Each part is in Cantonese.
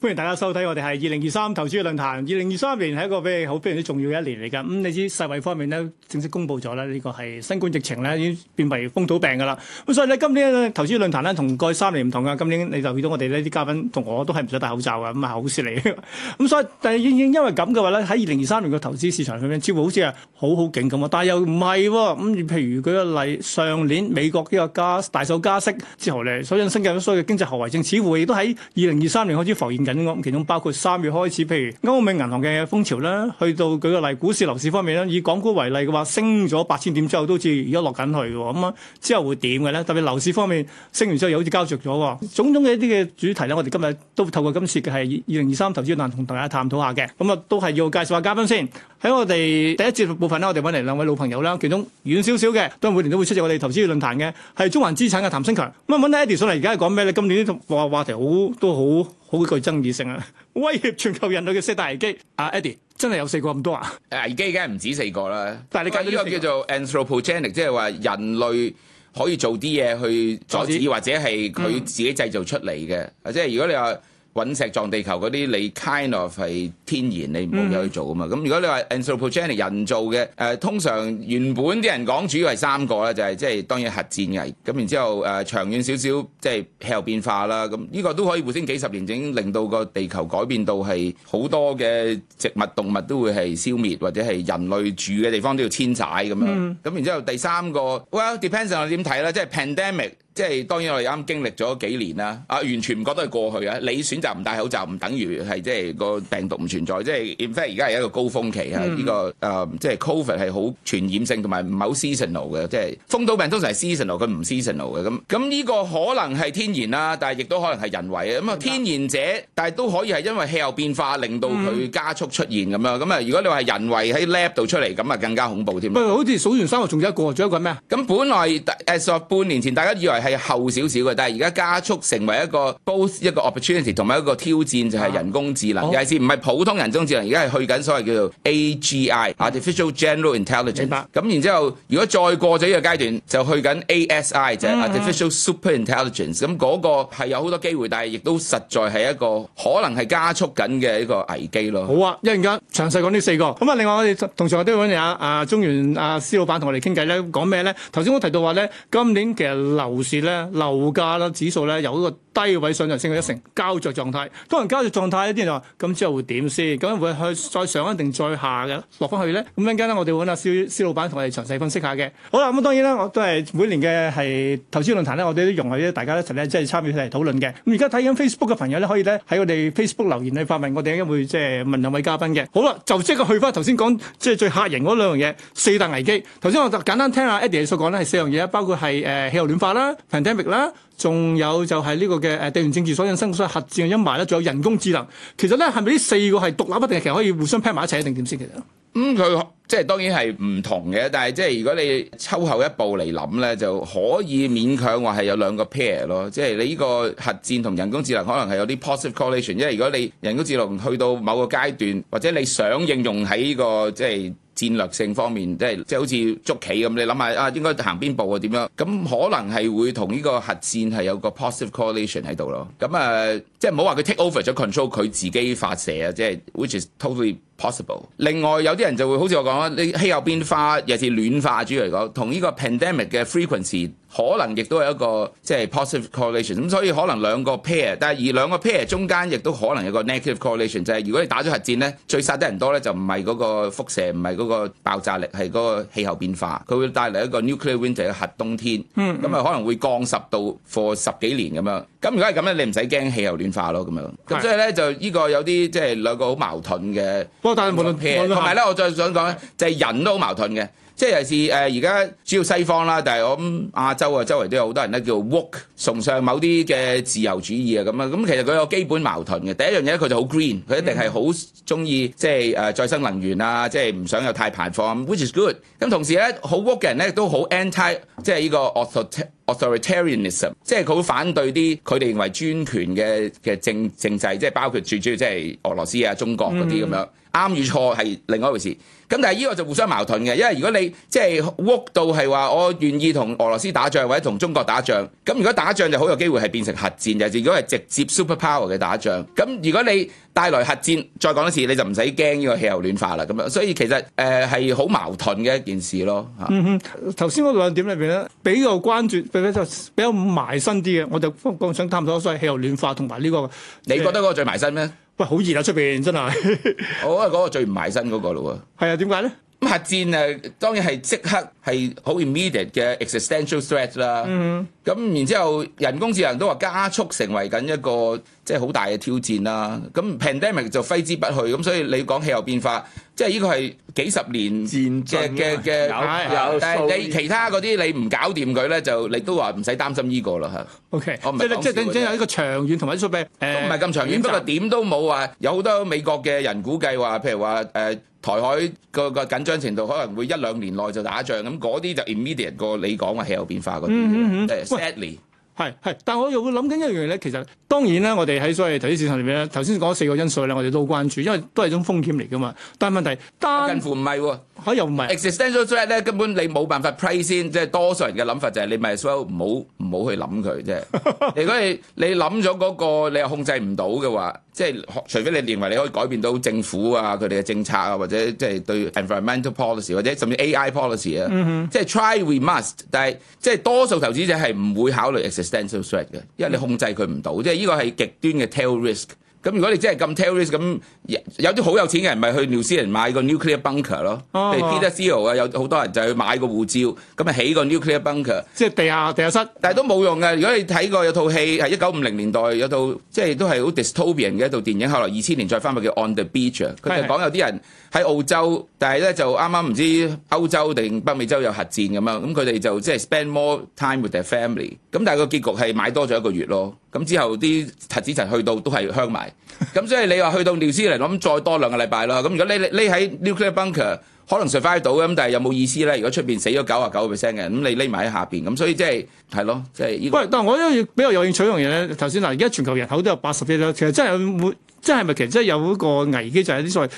歡迎大家收睇我哋係二零二三投資論壇。二零二三年係一個咩好非常之重要嘅一年嚟噶。咁、嗯、你知世衛方面咧正式公布咗啦，呢、這個係新冠疫情咧已經變為風土病噶啦。咁、嗯、所以咧今年呢投資論壇咧同過去三年唔同噶。今年你就見到我哋呢啲嘉賓同我都係唔使戴口罩噶，咁啊好事嚟。咁、嗯、所以但係因因為咁嘅話咧，喺二零二三年嘅投資市場上面，似乎好似係好好勁咁啊。但係又唔係，咁、嗯、譬如舉個例，上年美國呢個加大手加息之後咧，所引生嘅咁衰嘅經濟後遺症，似乎亦都喺二零二三年開始浮現其中包括三月開始，譬如歐美銀行嘅風潮啦，去到舉個例，股市、樓市方面啦。以港股為例嘅話，升咗八千點之後，都好似而家落緊去喎，咁、嗯、啊之後會點嘅咧？特別樓市方面升完之後又好似膠著咗，種種嘅一啲嘅主題咧，我哋今日都透過今次嘅係二零二三投資論壇同大家探討下嘅，咁、嗯、啊都係要介紹下嘉賓先。喺我哋第一節部分咧，我哋揾嚟兩位老朋友啦，其中遠少少嘅都每年都會出席我哋投資論壇嘅，係中環資產嘅譚新強。咁、嗯、啊，揾阿 Eddie 上嚟，而家講咩咧？今年啲話話題好都好。好具爭議性啊！威脅全球人類嘅四大危機，阿、uh, Eddie 真係有四個咁多啊？危機梗係唔止四個啦，但係你講到呢個叫做 Anthropogenic，即係話人類可以做啲嘢去阻止，或者係佢自己製造出嚟嘅，即係、嗯、如果你話。隕石撞地球嗰啲你 kind of 係天然，你唔好嘢去做啊嘛。咁、嗯、如果你話 anthropogenic 人造嘅，誒、呃、通常原本啲人講主要係三個啦，就係、是、即係當然核戰危，咁然之後誒、呃、長遠少少即係氣候變化啦。咁呢個都可以預先幾十年已經令到個地球改變到係好多嘅植物動物都會係消滅，或者係人類住嘅地方都要遷徙咁樣。咁然之後第三個 well，depends on 你點睇咧，即係 pandemic。即係當然我哋啱經歷咗幾年啦，啊完全唔覺得係過去啊！你選擇唔戴口罩唔等於係即係個病毒唔存在，即係 in fact 而家係一個高峯期啊！呢個誒即係 COVID 係好傳染性同埋唔係好 seasonal 嘅，即係風土病通常係 seasonal，佢唔 seasonal 嘅咁。咁呢個可能係天然啦，但係亦都可能係人為啊！咁啊天然者，但係都可以係因為氣候變化令到佢加速出現咁樣。咁啊如果你話係人為喺 lab 度出嚟，咁啊更加恐怖添。唔係好似數完三個仲有一個，仲有一個咩啊？咁本來誒話半年前大家以為。係後少少嘅，但係而家加速成為一個 b o both 一個 opportunity，同埋一個挑戰就係、是、人工智能。啊、尤其是唔係普通人工智能，而家係去緊所謂叫做 AGI（artificial、嗯、general intelligence） 明白。咁然之後如果再過咗呢個階段，就去緊 ASI（artificial、啊、就 super intelligence）、啊。咁個係有好多機會，但係亦都實在係一個可能係加速緊嘅一個危機咯。好啊，一陣間詳細講呢四個，咁啊，另外我哋同常日都要揾阿阿中原阿施、啊、老闆同我哋傾偈咧，講咩咧？頭先我提到話咧，今年其實流是咧樓價啦指數咧由一個低位上就升咗一成，膠着狀態，當日膠着狀態咧啲人話咁之後會點先？咁樣會去再上一定再下嘅落翻去咧？咁陣間咧我哋會揾阿施老闆同我哋詳細分析下嘅。好啦，咁當然啦，我都係每年嘅係投資論壇咧，我哋都容許咧大家一齊咧即係參與嚟討論嘅。咁而家睇緊 Facebook 嘅朋友咧，可以咧喺我哋 Facebook 留言去發問，我哋應該會即係問兩位嘉賓嘅。好啦，就即刻去翻頭先講即係最嚇人嗰兩樣嘢，四大危機。頭先我就簡單聽下 Eddie 所講咧係四樣嘢，包括係誒氣候暖化啦。pandemic 啦，仲有就係呢個嘅地緣政治所引生所謂核戰嘅陰霾咧，仲有人工智能。其實咧，係咪呢四個係獨立不定，其實可以互相 pair 埋一齊定點先？其實咁佢即係當然係唔同嘅，但係即係如果你抽後一步嚟諗咧，就可以勉強話係有兩個 pair 咯。即係你呢個核戰同人工智能可能係有啲 positive correlation，因為如果你人工智能去到某個階段，或者你想應用喺呢個即係。戰略性方面，即係即係好似捉棋咁，你諗下啊，應該行邊步啊？點樣？咁可能係會同呢個核戰係有個 positive correlation 喺度咯。咁啊、呃，即係唔好話佢 take over 咗 control，佢自己發射啊，即係 which is totally possible。另外有啲人就會好似我講啦，你氣候變化尤其暖化主要嚟講，同呢個 pandemic 嘅 frequency，可能亦都係一個即係 positive correlation，咁所以可能兩個 pair，但係而兩個 pair 中間亦都可能有個 negative correlation，就係如果你打咗核戰咧，最殺得人多咧就唔係嗰個輻射，唔係嗰個爆炸力，係嗰個氣候變化，佢會帶嚟一個 nuclear winter 嘅核冬天，咁啊、嗯、可能會降十度貨十幾年咁樣。咁如果係咁樣，你唔使驚氣候暖化咯，咁樣。咁所以咧是的 就呢個有啲即係兩個好矛盾嘅。不過但係冇論 pair 同埋咧，我再想講咧，就係、是、人都好矛盾嘅。即係尤其是，而家主要西方啦，但係我諗亞洲啊，周圍都有好多人咧叫 woke 崇尚某啲嘅自由主義啊，咁啊，咁其實佢有基本矛盾嘅。第一樣嘢，佢就好 green，佢一定係好中意即係再生能源啊，即係唔想有太排放，which is good。咁同時咧，好 woke 嘅人咧都好 anti，即係呢個 authoritarianism，即係佢會反對啲佢哋認為專權嘅嘅政政制，即係包括最主要即係俄羅斯啊、中國嗰啲咁樣。嗯啱與錯係另外一回事，咁但係呢個就互相矛盾嘅，因為如果你即係屈到係話我願意同俄羅斯打仗或者同中國打仗，咁如果打仗就好有機會係變成核戰，就如果係直接 superpower 嘅打仗，咁如果你帶來核戰，再講一次，你就唔使驚呢個氣候暖化啦，咁樣，所以其實誒係好矛盾嘅一件事咯。嗯嗯，頭先嗰兩點裏邊咧比較關注，比較比較埋身啲嘅，我就講想探討下所謂氣候暖化同埋呢個，呃、你覺得嗰個最埋身咩？喂，好熱啊，出面真係， 我係講個最唔埋身嗰個咯喎。係啊，點解咧？咁核戰誒，當然係即刻係好 immediate 嘅 existential threat 啦、mm。咁、hmm. 然之後，人工智能都話加速成為緊一個即係好大嘅挑戰啦。咁、mm hmm. pandemic 就揮之不去，咁所以你講氣候變化，即係呢個係幾十年嘅嘅嘅，但係你其他嗰啲你唔搞掂佢咧，就你都話唔使擔心呢個啦嚇。O Okay . K，我唔係即係等陣先有呢個長遠同埋縮避誒，唔係咁長遠，不過點都冇話有好多美國嘅人估計話，譬如話誒。呃台海個緊張程度可能會一兩年內就打仗，咁嗰啲就 immediate 你講嘅氣候變化嗰啲、mm hmm.，sadly。係係，但係但我又會諗緊一樣嘢咧。其實當然咧，我哋喺所謂投資市場裏面咧，頭先講四個因素咧，我哋都關注，因為都係種風險嚟噶嘛。但係問題單乎唔係喎，又唔係。Existential threat 咧，根本你冇辦法 pray 先，即係多數人嘅諗法就係你咪所唔好唔好去諗佢即係， 如果你你諗咗嗰個你又控制唔到嘅話，即係除非你認為你可以改變到政府啊佢哋嘅政策啊，或者即係對 environmental policy 或者甚至 AI policy 啊，mm hmm. 即係 try we must，但係即係多數投資者係唔會考慮 s 嘅，因為你控制佢唔到，即係呢個係極端嘅 tail risk。咁如果你真係咁 tail risk，咁有啲好有錢嘅人咪去紐西蘭買個 nuclear bunker 咯，譬、哦、如 Peter Thiel 啊，有好多人就去買個護照，咁咪起個 nuclear bunker，即係地下地下室。但係都冇用嘅。如果你睇過有套戲，係一九五零年代有套，即係都係好 dystopian 嘅一套電影。後來二千年再翻拍叫 On the Beach，佢就講有啲人喺澳洲，但係咧就啱啱唔知歐洲定北美洲有核戰咁樣，咁佢哋就即係 spend more time with their family。咁但係個結局係買多咗一個月咯，咁之後啲核子塵去到都係香埋，咁 所以你話去到屢斯嚟諗再多兩個禮拜啦，咁如果你匿喺 nuclear bunker 可能 survive 到，咁但係有冇意思咧？如果出面死咗九啊九個 percent 嘅，咁你匿埋喺下面。咁所以即係係咯，即係喂，但係我因為比較有興趣一樣嘢咧，頭先嗱，而家全球人口都有八十億啦，其實真係會，真係咪其實真係有嗰個危機就係、是、啲所謂、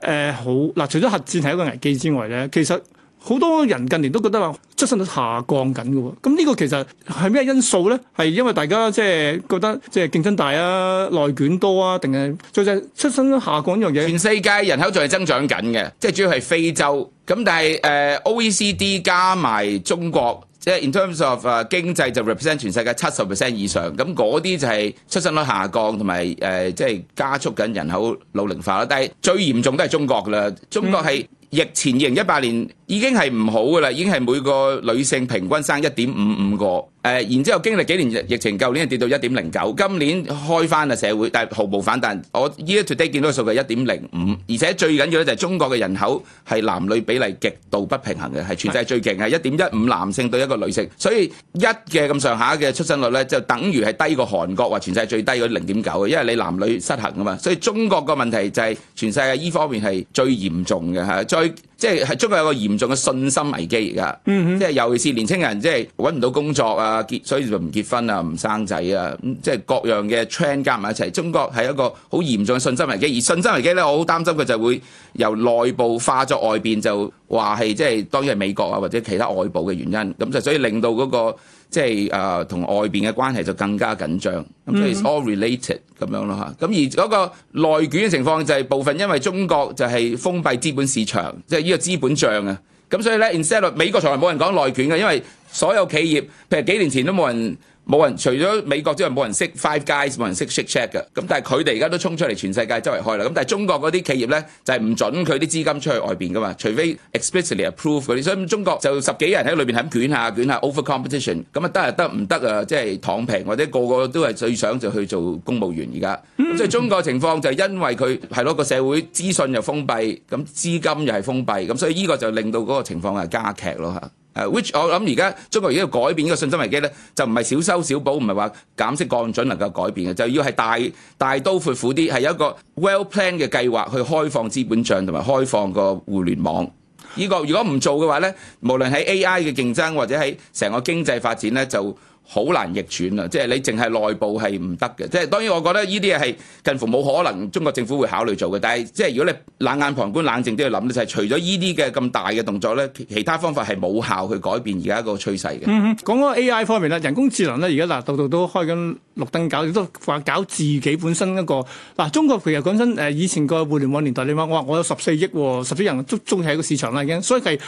呃、好嗱，除咗核戰係一個危機之外咧，其實。好多人近年都話覺得出生率下降緊嘅喎，咁呢個其實係咩因素咧？係因為大家即係覺得即係競爭大啊，內捲多啊，定係在就出生率下降呢樣嘢？全世界人口仲係增長緊嘅，即係主要係非洲咁，但係誒 O E C D 加埋中國，即係 in terms of 誒、uh, 經濟就 represent 全世界七十 percent 以上，咁嗰啲就係出生率下降同埋誒即係加速緊人口老齡化咯。但係最嚴重都係中國啦，中國係疫前二零一八年。已經係唔好噶啦，已經係每個女性平均生一點五五個，呃、然之後經歷幾年疫情，舊年係跌到一點零九，今年開翻啊社會，但係毫無反彈。我 year to date 見到嘅數據一點零五，而且最緊要咧就係中國嘅人口係男女比例極度不平衡嘅，係全世界最勁嘅一點一五男性對一個女性，所以一嘅咁上下嘅出生率咧就等於係低過韓國話全世界最低嘅零點九嘅，因為你男女失衡啊嘛，所以中國個問題就係全世界依方面係最嚴重嘅嚇，最。即係中國有一個嚴重嘅信心危機而家，即係尤其是年青人即係揾唔到工作啊，結所以就唔結婚啊，唔生仔啊，即係各樣嘅 trend 加埋一齊，中國係一個好嚴重嘅信心危機。而信心危機咧，我好擔心佢就會由內部化作外邊就話係即係當然係美國啊或者其他外部嘅原因，咁就所以令到嗰個。即係誒同外邊嘅關係就更加緊張，咁所以 it's all related 咁樣咯嚇。咁而嗰個內卷嘅情況就係部分因為中國就係封閉資本市場，即係呢個資本帳啊。咁所以咧 instead of 美國從來冇人講內卷嘅，因為所有企業譬如幾年前都冇人。冇人，除咗美國之外，冇人識 Five Guys，冇人識 Shake Shack 嘅。咁但係佢哋而家都衝出嚟，全世界周圍開啦。咁但係中國嗰啲企業咧，就係、是、唔準佢啲資金出去外邊㗎嘛，除非 explicitly approve 嗰啲。所以中國就十幾人喺裏面捲卷卷卷，喺咁捲下捲下 over competition，咁啊得啊得唔得啊？即係躺平或者個個都係最想就去做公務員而家。即係中國情況就係因為佢係咯，個社會資訊又封閉，咁資金又係封閉，咁所以呢個就令到嗰個情況係加劇咯吓。誒，which 我諗而家中國而家要改變呢個信心危機咧，就唔係小修小補，唔係話減息降準能夠改變嘅，就要係大大刀闊斧啲，係有一個 well plan 嘅計劃去開放資本帳同埋開放個互聯網。呢個如果唔做嘅話咧，無論喺 AI 嘅競爭或者喺成個經濟發展咧，就好難逆轉啊！即係你淨係內部係唔得嘅，即係當然我覺得呢啲嘢係近乎冇可能，中國政府會考慮做嘅。但係即係如果你冷眼旁觀、冷靜啲去諗咧，就係、是、除咗依啲嘅咁大嘅動作咧，其他方法係冇效去改變而家個趨勢嘅。嗯嗯，講 AI 方面啦，人工智能咧，而家嗱度度都開緊綠燈搞，亦都話搞自己本身一個嗱。中國其實講真，以前個互聯網年代你話哇，我有14、哦、十四億十幾人，足足係一個市場啦已經，所以係。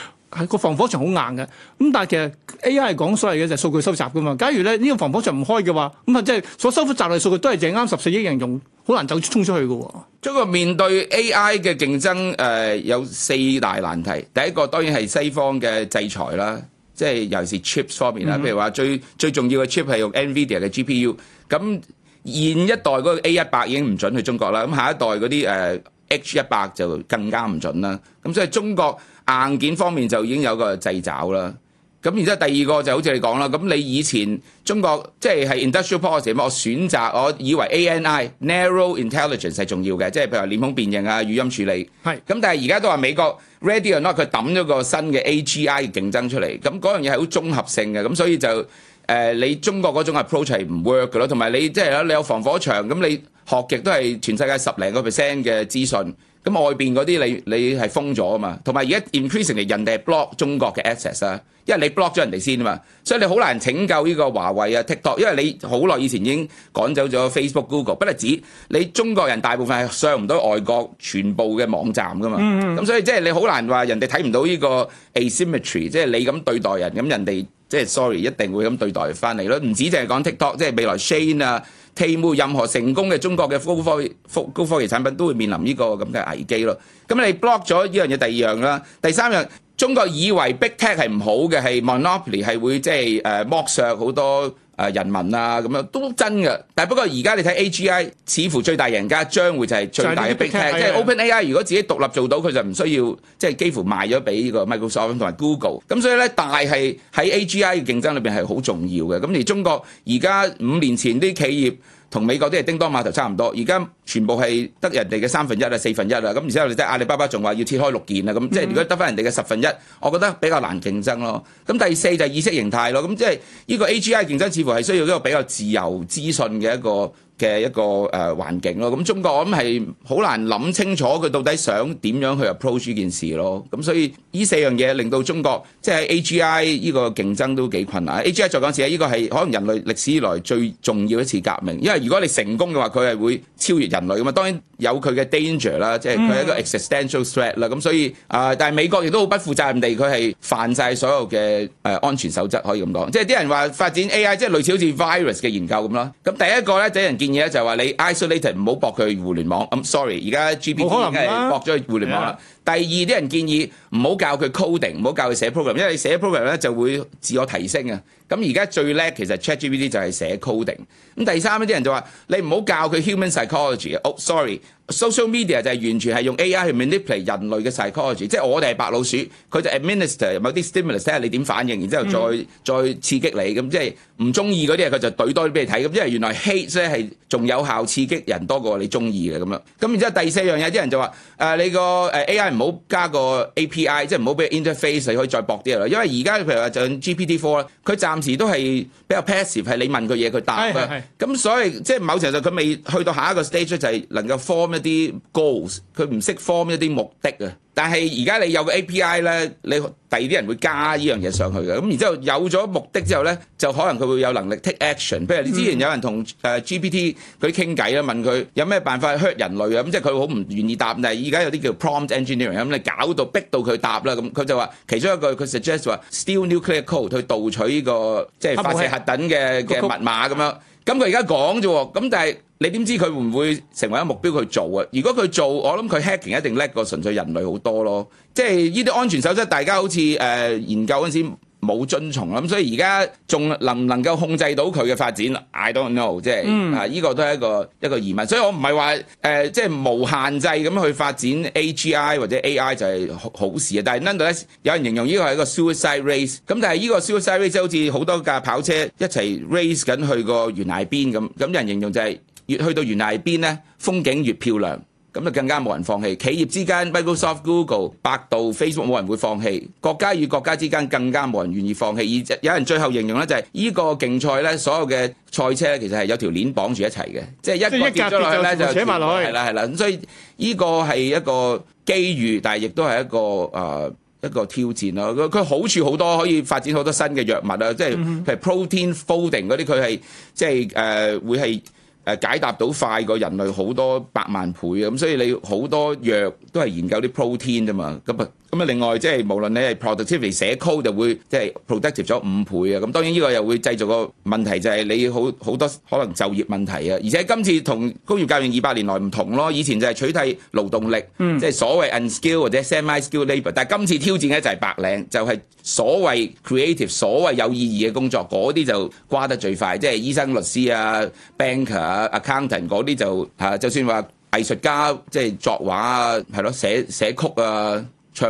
個防火牆好硬嘅，咁但係其實 A.I. 講所謂嘅就係數據收集㗎嘛。假如咧呢個防火牆唔開嘅話，咁啊即係所收集嚟數據都係淨啱十四億人用，好難走衝出去嘅喎。即係面對 A.I. 嘅競爭，誒、呃、有四大難題。第一個當然係西方嘅制裁啦，即係尤其是 chips 方面啦。譬、嗯、如話最最重要嘅 chip 係用 NVIDIA 嘅 GPU，咁現一代嗰個 A 一百已經唔準去中國啦。咁下一代嗰啲誒。呃 H 一百就更加唔準啦，咁所以中國硬件方面就已經有個掣肘啦。咁然之後第二個就是、好似你講啦，咁你以前中國即係 industrial policy，我選擇我以為 ANI narrow intelligence 係重要嘅，即係譬如話臉孔辨認啊、語音處理。咁是但係而家都話美國 ready or not，佢抌咗個新嘅 AGI 競爭出嚟，咁嗰樣嘢係好綜合性嘅，咁所以就誒、呃、你中國嗰種 approach 係唔 work 嘅咯，同埋你即係你有防火牆咁你。學極都係全世界十零個 percent 嘅資訊，咁外邊嗰啲你你係封咗啊嘛，同埋而家 increasingly 人哋 block 中國嘅 access 啊，因為你 block 咗人哋先啊嘛，所以你好難拯救呢個華為啊 TikTok，因為你好耐以前已經趕走咗 Facebook、Google，不單止你中國人大部分係上唔到外國全部嘅網站噶嘛，咁、嗯嗯、所以即係你好難話人哋睇唔到呢個 asymmetry，即係你咁對待人，咁人哋即係 sorry 一定會咁對待翻嚟咯，唔止淨係講 TikTok，即係未來 Shein 啊。期冇任何成功嘅中國嘅高科技、高科技產品都會面臨呢個咁嘅危機咯。咁你 block 咗呢樣嘢，第二樣啦，第三樣，中國以為 Big Tech 係唔好嘅，係 monopoly 係會即係誒剝削好多。誒人民啊，咁樣都真㗎。但係不過而家你睇 A G I，似乎最大贏家將會就係最大嘅 big tech 即係 Open A I。如果自己獨立做到，佢就唔需要即係、就是、幾乎賣咗俾呢個 Microsoft 同埋 Google。咁所以咧，大係喺 A G I 嘅競爭裏面係好重要嘅。咁而中國而家五年前啲企業，同美國啲係叮噹馬頭差唔多，而家全部係得人哋嘅三分一啊、四分一啦，咁而且即係阿里巴巴仲話要切開六件啊，咁即係如果得翻人哋嘅十分一，我覺得比較難競爭咯。咁第四就意識形態咯，咁即係呢個 AGI 競爭似乎係需要一個比較自由資訊嘅一個嘅一個環境咯，咁中國我諗係好難諗清楚佢到底想點樣去 approach 呢件事咯，咁所以呢四樣嘢令到中國即係 AGI 呢個競爭都幾困難。Mm. AGI 再講次呢，依個係可能人類歷史以來最重要一次革命，因為如果你成功嘅話，佢係會超越人類咁嘛。當然有佢嘅 danger 啦，即係佢係一個 existential threat 啦。咁所以啊，但係美國亦都好不負責任地，佢係犯晒所有嘅安全守則可以咁講。即係啲人話發展 AI 即係類似好似 virus 嘅研究咁啦。咁第一個呢，就人。建議咧就係話你 isolated 唔好駁佢去互聯網，咁 I'm sorry，而家 GPT 已經係駁咗去互聯網啦。第二，啲人建議唔好教佢 coding，唔好教佢寫 program，因為你寫 program 咧就會自我提升啊。咁而家最叻其實 ChatGPT 就係寫 coding。咁第三，啲人就話你唔好教佢 human psychology。Oh sorry，social media 就係完全係用 AI 去 manipulate 人類嘅 psychology，即係我哋係白老鼠，佢就 administer 某啲 stimulus，睇下你點反應，然之後再、嗯、再刺激你咁，即係唔中意嗰啲嘢佢就對多啲俾你睇。咁因為原來 hate 咧係仲有效刺激人多過你中意嘅咁啦。咁然之後第四樣嘢，啲人就話你個 AI。唔好加個 API，即係唔好俾 interface，你可以再博啲啦。因為而家譬如話就 GPT four，佢暫時都係比較 passive，係你問佢嘢佢答嘅。咁所以即係某程度佢未去到下一個 stage 就係能夠 form 一啲 goals，佢唔識 form 一啲目的啊。但係而家你有個 API 咧，你第二啲人會加呢樣嘢上去嘅，咁然之後有咗目的之後咧，就可能佢會有能力 take action。譬如你之前有人同 GPT 佢傾偈啦，問佢有咩辦法 hurt 人類啊，咁即係佢好唔願意答，但係而家有啲叫 prompt engineering，咁你搞到逼到佢答啦，咁佢就話其中一句佢 suggest 話 steal nuclear code 去盜取呢個即係發射核彈嘅嘅密碼咁樣。咁佢而家講啫喎，咁但係你點知佢會唔會成為一個目標去做啊？如果佢做，我諗佢 hacking 一定叻過純粹人類好多咯。即係呢啲安全守則，大家好似誒、呃、研究嗰時。冇遵從，咁所以而家仲能唔能夠控制到佢嘅發展，I don't know，即係啊，呢，mm. 個都係一個一個疑問。所以我唔係話誒，即係無限制咁去發展 AGI 或者 AI 就係好好事啊。但係 another 有人形容呢個係一個 suicide race，咁但係呢個 suicide race 好似好多架跑車一齊 race 緊去個懸崖邊咁。咁有人形容就係越去到懸崖邊咧，風景越漂亮。咁就更加冇人放棄，企業之間 Microsoft、Google、百度、Facebook 冇人會放棄，國家與國家之間更加冇人願意放棄。而有人最後形容咧就係、是、呢、這個競賽咧，所有嘅賽車咧其實係有條鏈綁住一齊嘅，即係一個跌咗落去咧就跌埋落去，係啦係啦。咁、嗯、所以呢個係一個機遇，但係亦都係一個、呃、一個挑戰啦。佢好處好多，可以發展好多新嘅藥物啊！即係譬如 protein folding 嗰啲，佢係即係誒、呃、會係。誒解答到快過人類好多百萬倍啊！咁所以你好多藥都係研究啲 protein 啫嘛，咁啊。咁啊，另外即係無論你係 productivity 寫 code 就會即係 productive 咗五倍啊！咁當然呢個又會製造個問題，就係你好好多可能就業問題啊！而且今次同工業革命二百年來唔同咯，以前就係取替勞動力，即係所謂 unskilled 或者 semi-skilled labour，但係今次挑戰嘅就係白領，就係所謂 creative、所謂有意義嘅工作，嗰啲就瓜得最快，即係醫生、律師啊、banker 啊、accountant 嗰啲就啊，就算話藝術家即係作畫啊，係咯，寫寫曲啊。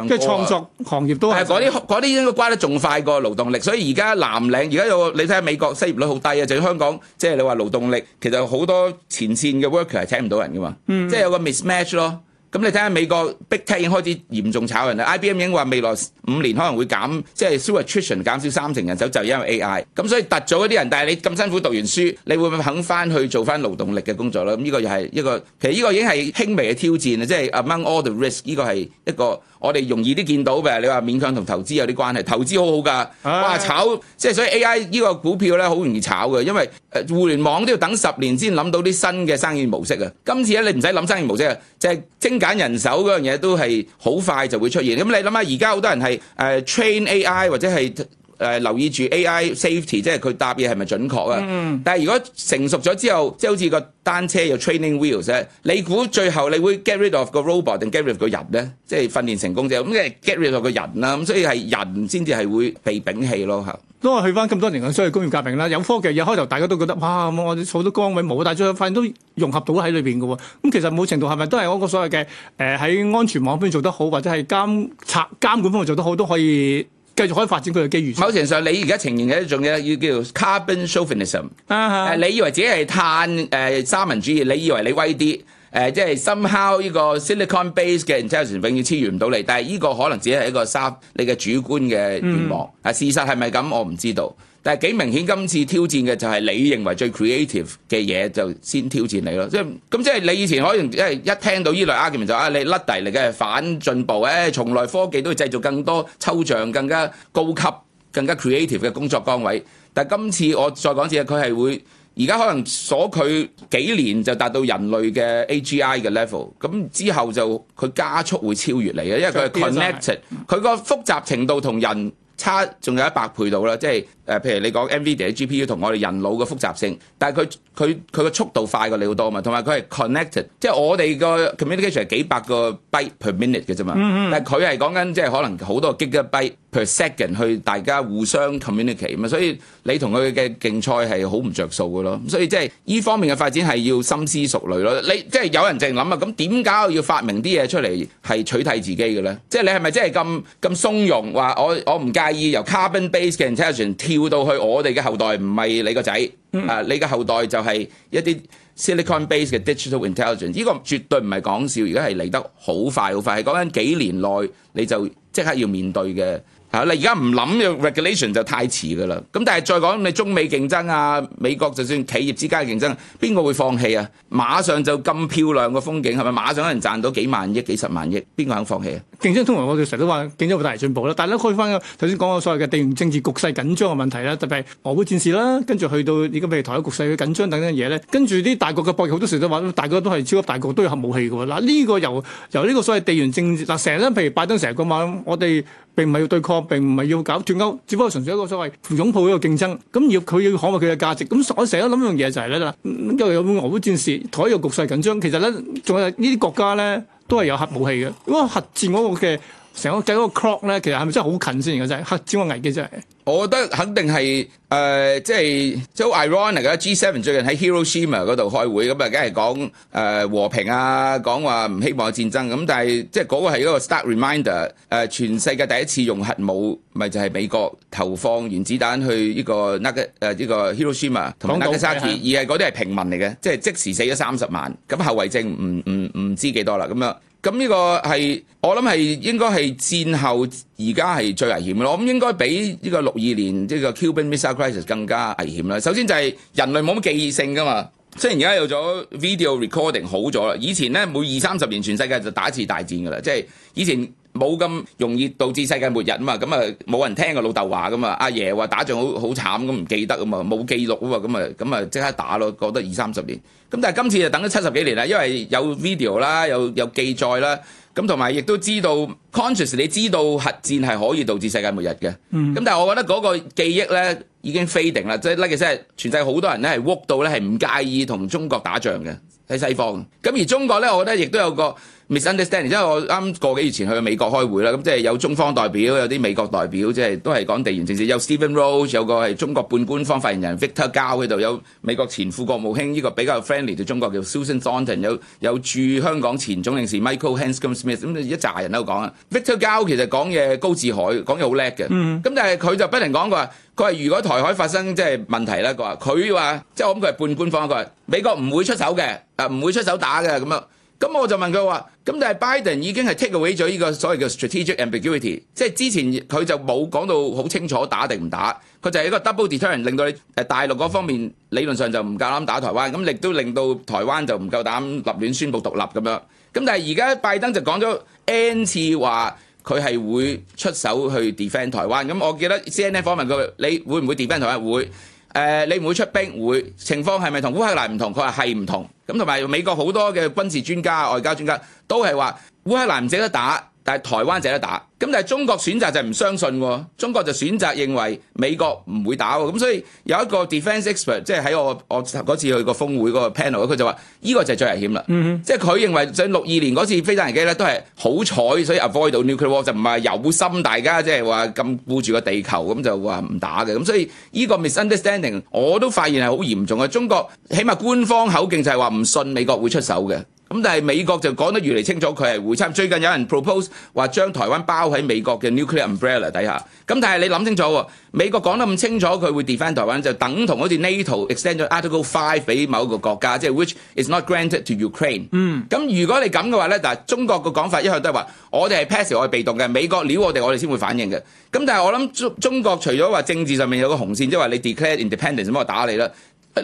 即係創作行業都係嗰啲嗰啲應該瓜得仲快過勞動力，所以而家藍領而家有你睇下美國失業率好低啊，就香港即係你話勞動力其實好多前線嘅 worker 係請唔到人噶嘛。嗯、即係有個 mismatch 咯。咁你睇下美國 Big Tech 已經開始嚴重炒人啦，IBM 已經話未來五年可能會減即係、就、attrition、是、減少三成人手，就因為 AI 咁，所以突咗一啲人。但係你咁辛苦讀完書，你會唔會肯翻去做翻勞動力嘅工作啦？咁呢個又係一個其實呢個已經係輕微嘅挑戰啊，即、就、係、是、among all the risks 呢個係一個。我哋容易啲見到嘅你話勉強同投資有啲關係，投資好好噶，哇炒，即係所以 AI 呢個股票咧好容易炒嘅，因為誒互聯網都要等十年先諗到啲新嘅生意模式啊，今次咧你唔使諗生意模式啊，即係精簡人手嗰樣嘢都係好快就會出現。咁你諗下而家好多人係誒 train AI 或者係。誒、呃、留意住 AI safety，即係佢答嘢係咪準確啊？嗯、但係如果成熟咗之後，即係好似個單車有 training wheels，你估最後你會 get rid of 個 robot 定 get rid of 個人咧？即係訓練成功之後，咁即係 get rid of 個人啦。咁所以係人先至係會被摒棄咯，嚇。因為去翻咁多年嘅所謂工業革命啦，有科技嘢開頭大家都覺得哇，哇，我哋好多崗位冇，但最後發現都融合到喺裏面㗎喎。咁、嗯、其實某程度係咪都係我個所謂嘅誒喺安全網邊做得好，或者係監察監管方面做得好都可以。繼續可以發展佢嘅機遇。某程度上，你而家呈現嘅一種嘢，要叫做 carbon chauvinism，你以為自己係碳、呃、沙文主義，你以為你威啲、呃、即係 somehow 呢個 silicon base 嘅 intelligence 永遠超越唔到你。但係呢個可能只係一個三你嘅主觀嘅願望。啊、uh，huh. 事實係咪咁？我唔知道。但係幾明顯，今次挑戰嘅就係你認為最 creative 嘅嘢，就先挑戰你咯。即係咁，即係你以前可能一聽到依類 argument 就啊，你甩底嚟嘅反進步，誒、哎，從來科技都會製造更多抽象、更加高級、更加 creative 嘅工作崗位。但今次我再講次，佢係會而家可能鎖佢幾年就達到人類嘅 AGI 嘅 level，咁之後就佢加速會超越你嘅，因為佢係 connected，佢個複雜程度同人差仲有一百倍度啦，即係。誒，譬如你講 NVIDIA GPU 同我哋人腦嘅複雜性，但佢佢佢個速度快過你好多啊嘛，同埋佢係 connected，即係我哋個 communication 係幾百個 byte per minute 嘅啫嘛，嗯嗯但佢係講緊即係可能好多 Gigabyte per second 去大家互相 communicate 啊嘛，所以你同佢嘅競賽係好唔着數㗎咯，所以即係依方面嘅發展係要深思熟慮咯。你即係有人淨諗啊，咁點解我要發明啲嘢出嚟係取替自己嘅咧？即係你係咪真係咁咁鬆容話我我唔介意由 carbon-based intelligence？叫到去我哋嘅後代，唔係你個仔，嗯、啊，你嘅後代就係一啲 Silicon Based 嘅 Digital Intelligence，呢個絕對唔係講笑，而家係嚟得好快好快，係講緊幾年內你就即刻要面對嘅。啊！你而家唔諗嘅 regulation 就太遲噶啦。咁但係再講你中美競爭啊，美國就算企業之間嘅競爭，邊個會放棄啊？馬上就咁漂亮嘅風景係咪？是是馬上可能賺到幾萬億、幾十萬億，邊個肯放棄啊？競爭通常我哋成日都話競爭會帶嚟進步啦。但係咧，開翻頭先講個所謂嘅地緣政治局勢緊張嘅問題啦，特別係俄烏戰事啦，跟住去到而家譬如台海局勢嘅緊張等等嘢咧，跟住啲大國嘅博弈好多時都話，大家都係超級大國都有核武器嘅喎。嗱，呢個由由呢個所謂地緣政治嗱，成日咧譬如拜登成日講話，我哋。並唔係要對抗，並唔係要搞斷勾，只不過純粹一個所謂互擁抱一個競爭。咁要佢要捍衞佢嘅價值。咁我成日都諗一樣嘢就係咧啦，又有俄烏戰事，台又局勢緊張。其實咧，仲有呢啲國家咧都係有核武器嘅。咁啊，核戰嗰、嗰個嘅。成個計個 clock 咧，其實係咪真係好近先嘅啫？核子危機真係，我覺得肯定係誒，即係即係 ironic 嘅。就是、G7 最近喺 Hiroshima 嗰度開會，咁啊，梗係講誒和平啊，講話唔希望戰爭。咁但係即係嗰個係一個 stark reminder、呃。誒，全世界第一次用核武，咪就係、是、美國投放原子彈去呢個 Naga 誒呢個 Hiroshima 同 Nagasaki，而係嗰啲係平民嚟嘅，即、就、係、是、即時死咗三十萬，咁後遺症唔唔唔知幾多啦，咁樣咁呢個係我諗係應該係戰後而家係最危險嘅，我諗應該比呢個六二年呢個 Cuban Missile Crisis 更加危險啦。首先就係人類冇乜記憶性噶嘛，雖然而家有咗 video recording 好咗啦，以前咧每二三十年全世界就打一次大戰噶啦，即係以前。冇咁容易導致世界末日啊嘛，咁啊冇人聽個老豆話噶嘛，阿爺話打仗好好慘咁唔記得啊嘛，冇記錄啊嘛，咁啊咁啊即刻打咯，過得二三十年。咁但係今次就等咗七十幾年啦，因為有 video 啦，有有記載啦，咁同埋亦都知道 conscious 你知道核戰係可以導致世界末日嘅。咁、嗯、但係我覺得嗰個記憶咧已經 fading 啦，即係呢其實係全世界好多人咧係 work 到咧係唔介意同中國打仗嘅，喺西方。咁而中國咧，我覺得亦都有個。misunderstand，因為我啱個幾月前去美國開會啦，咁即係有中方代表，有啲美國代表，即係都係講地緣政治，有 Stephen Roach，有個係中國半官方發言人 Victor Gao 喺度，有美國前副國務卿呢個比較 friendly 對中國叫 Susan Thornton，有有駐香港前總領事 Michael Hanscom Smith，咁一扎人都講啊。Victor Gao 其實講嘢高志凱講嘢好叻嘅，咁但係佢就不停講佢話，佢話如果台海發生即係問題咧，佢話佢話即係我諗佢係半官方，佢話美國唔會出手嘅，啊唔會出手打嘅咁啊。咁我就問佢話，咁但係拜登已經係 take away 咗呢個所謂嘅 strategic ambiguity，即係之前佢就冇講到好清楚打定唔打，佢就係一個 double deterrent，令到你大陸嗰方面理論上就唔夠膽打台灣，咁亦都令到台灣就唔夠膽立亂宣佈獨立咁樣。咁但係而家拜登就講咗 n 次話佢係會出手去 defend 台灣。咁我記得 CNN 訪問佢，你會唔會 defend 台灣？會。誒，你唔會出兵，會情況係咪同烏克蘭唔同？佢話係唔同，咁同埋美國好多嘅軍事專家、外交專家都係話烏克蘭唔值得打。但係台灣就係得打，咁但係中國選擇就唔相信喎，中國就選擇認為美國唔會打喎，咁所以有一個 defence expert 即係喺我我嗰次去個峰會嗰個 panel，佢就話呢個就係最危險啦，嗯、哼即係佢認為在六二年嗰次飛彈危機咧都係好彩所以 avoid 到，nuclear war 就唔係有心大家即係話咁顧住個地球咁就話唔打嘅，咁所以呢個 misunderstanding 我都發現係好嚴重嘅。中國起碼官方口徑就係話唔信美國會出手嘅。咁但係美國就講得越嚟清楚，佢係回參。最近有人 propose 話將台灣包喺美國嘅 nuclear umbrella 底下。咁但係你諗清楚，美國講得咁清楚，佢會 defend 台灣，就等同好似 NATO extend 咗 Article Five 俾某一個國家，即係 which is not granted to Ukraine。嗯。咁如果你咁嘅話咧，但係中國嘅講法一向都係話，我哋係 passive，我係被動嘅。美國撩我哋，我哋先會反應嘅。咁但係我諗中中國除咗話政治上面有個紅線，即係話你 declare independence 咁我打你啦。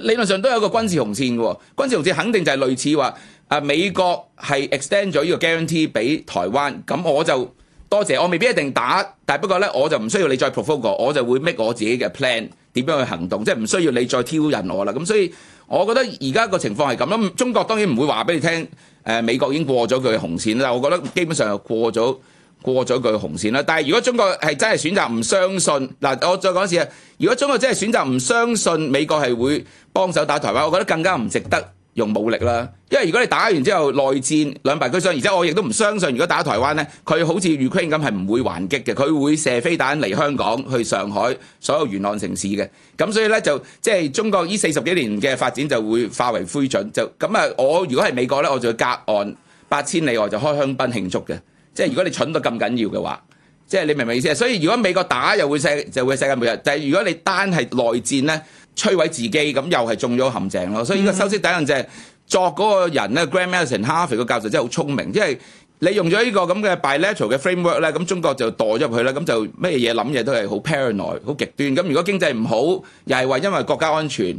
理論上都有個軍事紅線嘅，軍事紅線肯定就係類似話。啊！美國係 extend 咗呢個 guarantee 俾台灣，咁我就多謝我未必一定打，但不過呢，我就唔需要你再 provoke 我，我就會 make 我自己嘅 plan 點樣去行動，即係唔需要你再挑釁我啦。咁所以，我覺得而家個情況係咁咯。中國當然唔會話俾你聽，誒美國已經過咗佢嘅紅線啦。我覺得基本上就過咗過咗佢嘅紅線啦。但係如果中國係真係選擇唔相信，嗱我再講一次啊，如果中國真係選擇唔相信美國係會幫手打台灣，我覺得更加唔值得。用武力啦，因為如果你打完之後內戰兩敗俱傷，而且我亦都唔相信，如果打台灣呢，佢好似 Ukraine 咁係唔會還擊嘅，佢會射飛彈嚟香港、去上海所有沿岸城市嘅，咁所以呢，就即係中國呢四十幾年嘅發展就會化為灰燼，就咁啊！我如果係美國呢，我就要隔岸八千里外就開香檳慶祝嘅，即係如果你蠢到咁緊要嘅話，即係你明唔明意思？所以如果美國打又會世就會世界末日，但係如果你單係內戰呢。摧毀自己咁又係中咗陷阱咯，所以呢個首先第一樣就係作嗰個人咧 Graham Allison 哈佛個教授真係好聰明，因為你用咗呢個咁嘅 bilateral 嘅 framework 咧，咁中國就墮咗入去咧，咁就咩嘢諗嘢都係好 paranoid，好極端。咁如果經濟唔好，又係話因為國家安全，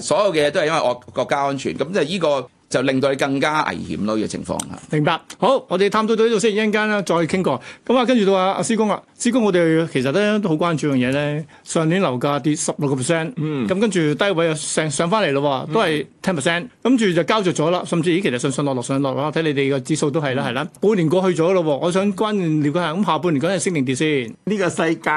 所有嘅嘢都係因為我國家安全，咁即係呢個。就令到你更加危險咯，呢個情況嚇。明白，好，我哋探討到呢度先，一陣間啦，再傾過。咁啊，跟住到阿阿施生啦，施生，我哋其實咧都好關注樣嘢咧。上年樓價跌十六個 percent，咁跟住低位又上上翻嚟咯，都係 ten percent，跟住就膠着咗啦。甚至咦，其實上上落落上落咯，睇你哋個指數都係啦，係啦、嗯。半年過去咗咯，我想關鍵瞭解下，咁下半年嗰陣升定跌先？呢個世界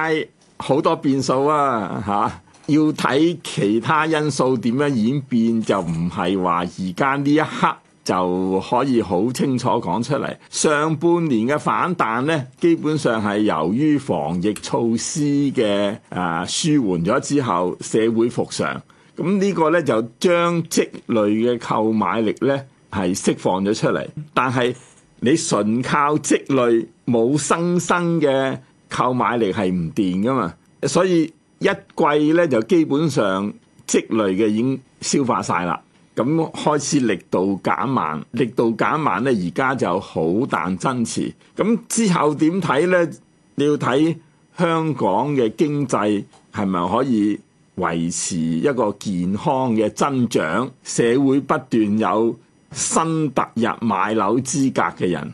好多變數啊，嚇！要睇其他因素點樣演變，就唔係話而家呢一刻就可以好清楚講出嚟。上半年嘅反彈呢，基本上係由於防疫措施嘅啊舒緩咗之後，社會復常，咁呢個呢，就將積累嘅購買力呢係釋放咗出嚟。但係你純靠積累冇生生嘅購買力係唔掂㗎嘛，所以。一季咧就基本上積累嘅已經消化晒啦，咁開始力度減慢，力度減慢咧，而家就好難增持。咁之後點睇呢？你要睇香港嘅經濟係咪可以維持一個健康嘅增長，社會不斷有新踏入買樓資格嘅人。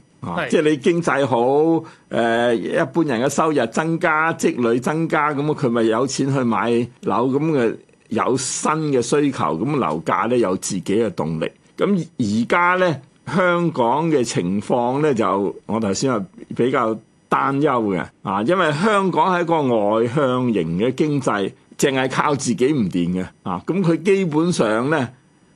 即係你經濟好，誒一般人嘅收入增加、積累增加，咁佢咪有錢去買樓，咁嘅有新嘅需求，咁樓價呢有自己嘅動力。咁而家呢，香港嘅情況呢，就，我頭先話比較擔憂嘅，啊，因為香港係一個外向型嘅經濟，淨係靠自己唔掂嘅，啊，咁佢基本上呢。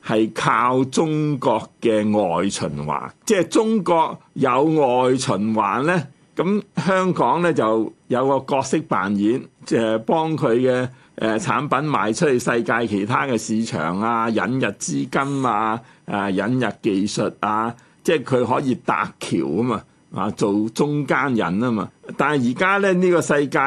係靠中國嘅外循環，即係中國有外循環呢，咁香港呢就有個角色扮演，即係幫佢嘅誒產品賣出去世界其他嘅市場啊，引入資金啊，誒引入技術啊，即係佢可以搭橋啊嘛，啊做中間人啊嘛，但係而家呢，呢個世界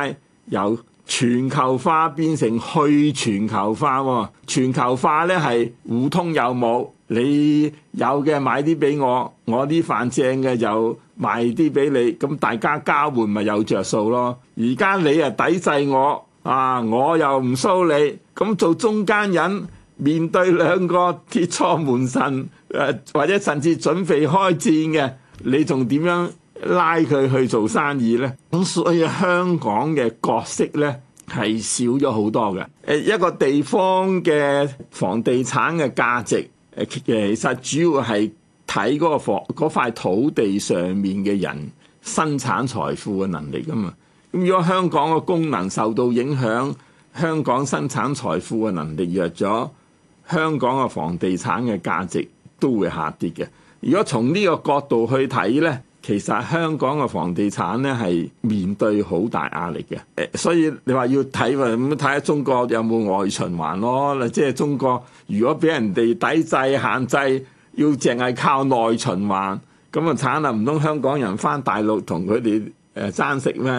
有。全球化變成去全球化喎！全球化呢係互通有無，你有嘅買啲俾我，我啲飯正嘅又賣啲俾你，咁大家交換咪有着數咯。而家你啊抵制我啊，我又唔收你，咁做中間人面對兩個貼錯門神，誒或者甚至準備開戰嘅，你仲點樣？拉佢去做生意呢，咁所以香港嘅角色呢，係少咗好多嘅。誒一個地方嘅房地產嘅價值，其實主要係睇嗰個房嗰塊土地上面嘅人生產財富嘅能力噶嘛。咁如果香港嘅功能受到影響，香港生產財富嘅能力弱咗，香港嘅房地產嘅價值都會下跌嘅。如果從呢個角度去睇呢。其實香港嘅房地產呢係面對好大壓力嘅，所以你話要睇喎，咁睇下中國有冇外循環咯，即係中國如果俾人哋抵制限制，要淨係靠內循環，咁啊產啊唔通香港人返大陸同佢哋誒爭食咩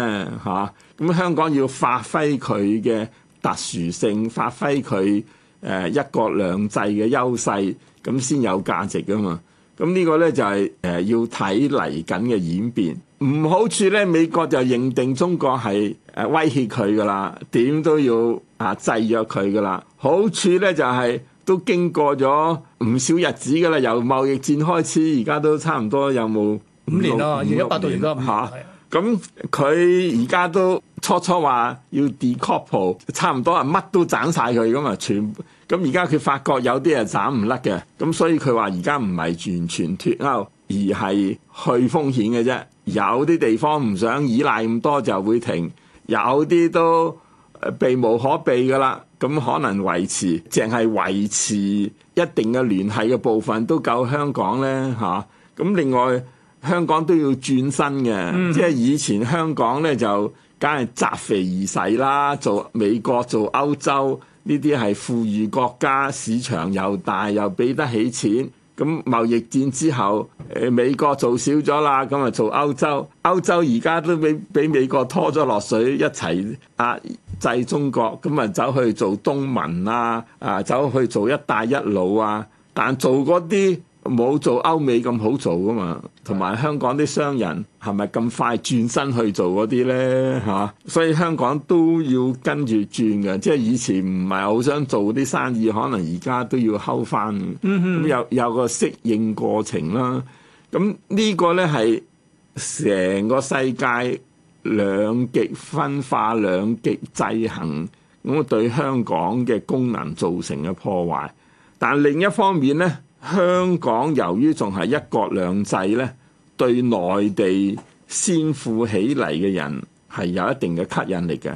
吓？咁香港要發揮佢嘅特殊性，發揮佢誒一國兩制嘅優勢，咁先有價值㗎嘛？咁呢個咧就係誒要睇嚟緊嘅演變，唔好處咧美國就認定中國係威脅佢噶啦，點都要啊制約佢噶啦。好處咧就係、是、都經過咗唔少日子噶啦，由貿易戰開始，而家都差唔多有冇五年啦、啊，二一八到而家嚇。咁佢而家都初初話要 decouple，差唔多啊乜都斬晒佢咁啊，全。咁而家佢發覺有啲係斬唔甩嘅，咁所以佢話而家唔係完全脫鉤，而係去風險嘅啫。有啲地方唔想依賴咁多就會停，有啲都避無可避噶啦。咁可能維持，淨係維持一定嘅聯繫嘅部分都夠香港呢吓。咁、啊、另外香港都要轉身嘅，嗯、即係以前香港呢就梗係擇肥而噬啦，做美國做歐洲。呢啲係富裕國家，市場又大又俾得起錢。咁貿易戰之後，誒美國做少咗啦，咁啊做歐洲，歐洲而家都俾俾美國拖咗落水，一齊壓、啊、制中國。咁啊走去做東盟啊，啊走去做一帶一路啊，但做嗰啲。冇做歐美咁好做㗎嘛，同埋香港啲商人係咪咁快轉身去做嗰啲呢？所以香港都要跟住轉嘅，即係以前唔係好想做啲生意，可能而家都要溝翻、嗯哼，有有個適應過程啦。咁呢個呢係成個世界兩極分化、兩極制衡，咁對香港嘅功能造成嘅破壞。但另一方面呢。香港由於仲係一國兩制呢，對內地先富起嚟嘅人係有一定嘅吸引力嘅。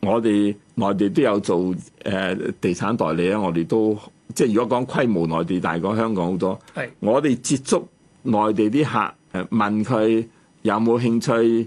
我哋內地都有做誒、呃、地產代理啊，我哋都即係如果講規模，內地大過香港好多。係我哋接觸內地啲客，問佢有冇興趣誒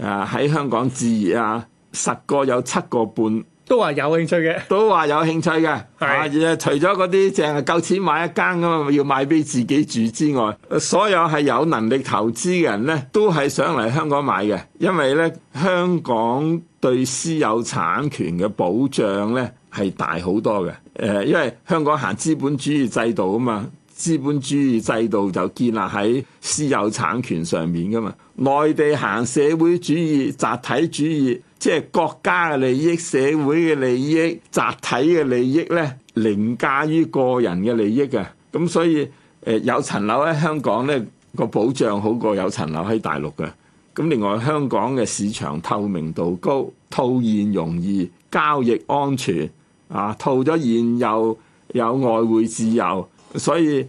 喺、呃、香港置業啊，十個有七個半。都話有興趣嘅，都話有興趣嘅。係啊，除咗嗰啲淨係夠錢買一間㗎嘛，要買俾自己住之外，所有係有能力投資嘅人呢，都係想嚟香港買嘅，因為呢，香港對私有產權嘅保障呢係大好多嘅、呃。因為香港行資本主義制度啊嘛，資本主義制度就建立喺私有產權上面噶嘛，內地行社會主義、集體主義。即係國家嘅利益、社會嘅利益、集體嘅利益呢凌駕於個人嘅利益嘅。咁所以，誒有層樓喺香港呢個保障好過有層樓喺大陸嘅。咁另外，香港嘅市場透明度高，套現容易，交易安全啊，套咗現又有,有外匯自由，所以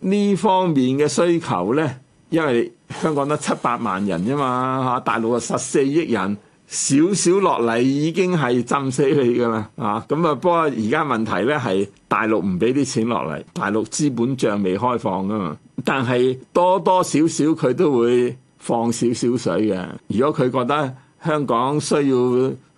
呢方面嘅需求呢因為香港得七八萬人七百萬人啫嘛，嚇大陸啊十四億人。少少落嚟已經係浸死你噶啦，啊！咁啊，不過而家問題呢，係大陸唔俾啲錢落嚟，大陸資本帳未開放㗎嘛。但係多多少少佢都會放少少水嘅。如果佢覺得香港需要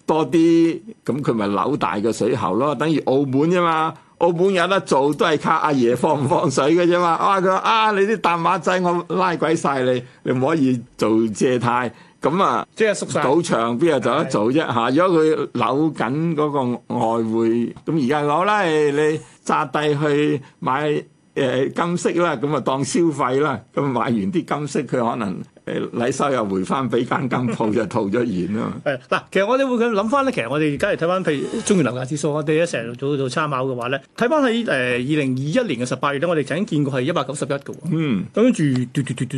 多啲，咁佢咪扭大個水喉咯，等於澳門啫嘛。澳門有得做都係靠阿爺放唔放水嘅啫嘛。啊佢啊，你啲大馬仔我拉鬼晒你，你唔可以做借貸。咁啊，即係縮曬賭場就，邊有做得啫嚇？如果佢扭緊嗰個外匯，咁而家攞啦，你砸低去買誒、呃、金飾啦，咁啊當消費啦，咁買完啲金飾，佢可能。誒，禮收又回翻俾間金鋪，就套咗現啦，係嗱，其實我哋會咁諗翻咧，其實我哋而家嚟睇翻，譬如中原樓價指數，我哋一成日做做參考嘅話咧，睇翻喺誒二零二一年嘅十八月咧，我哋曾經見過係一百九十一個。嗯後，跟住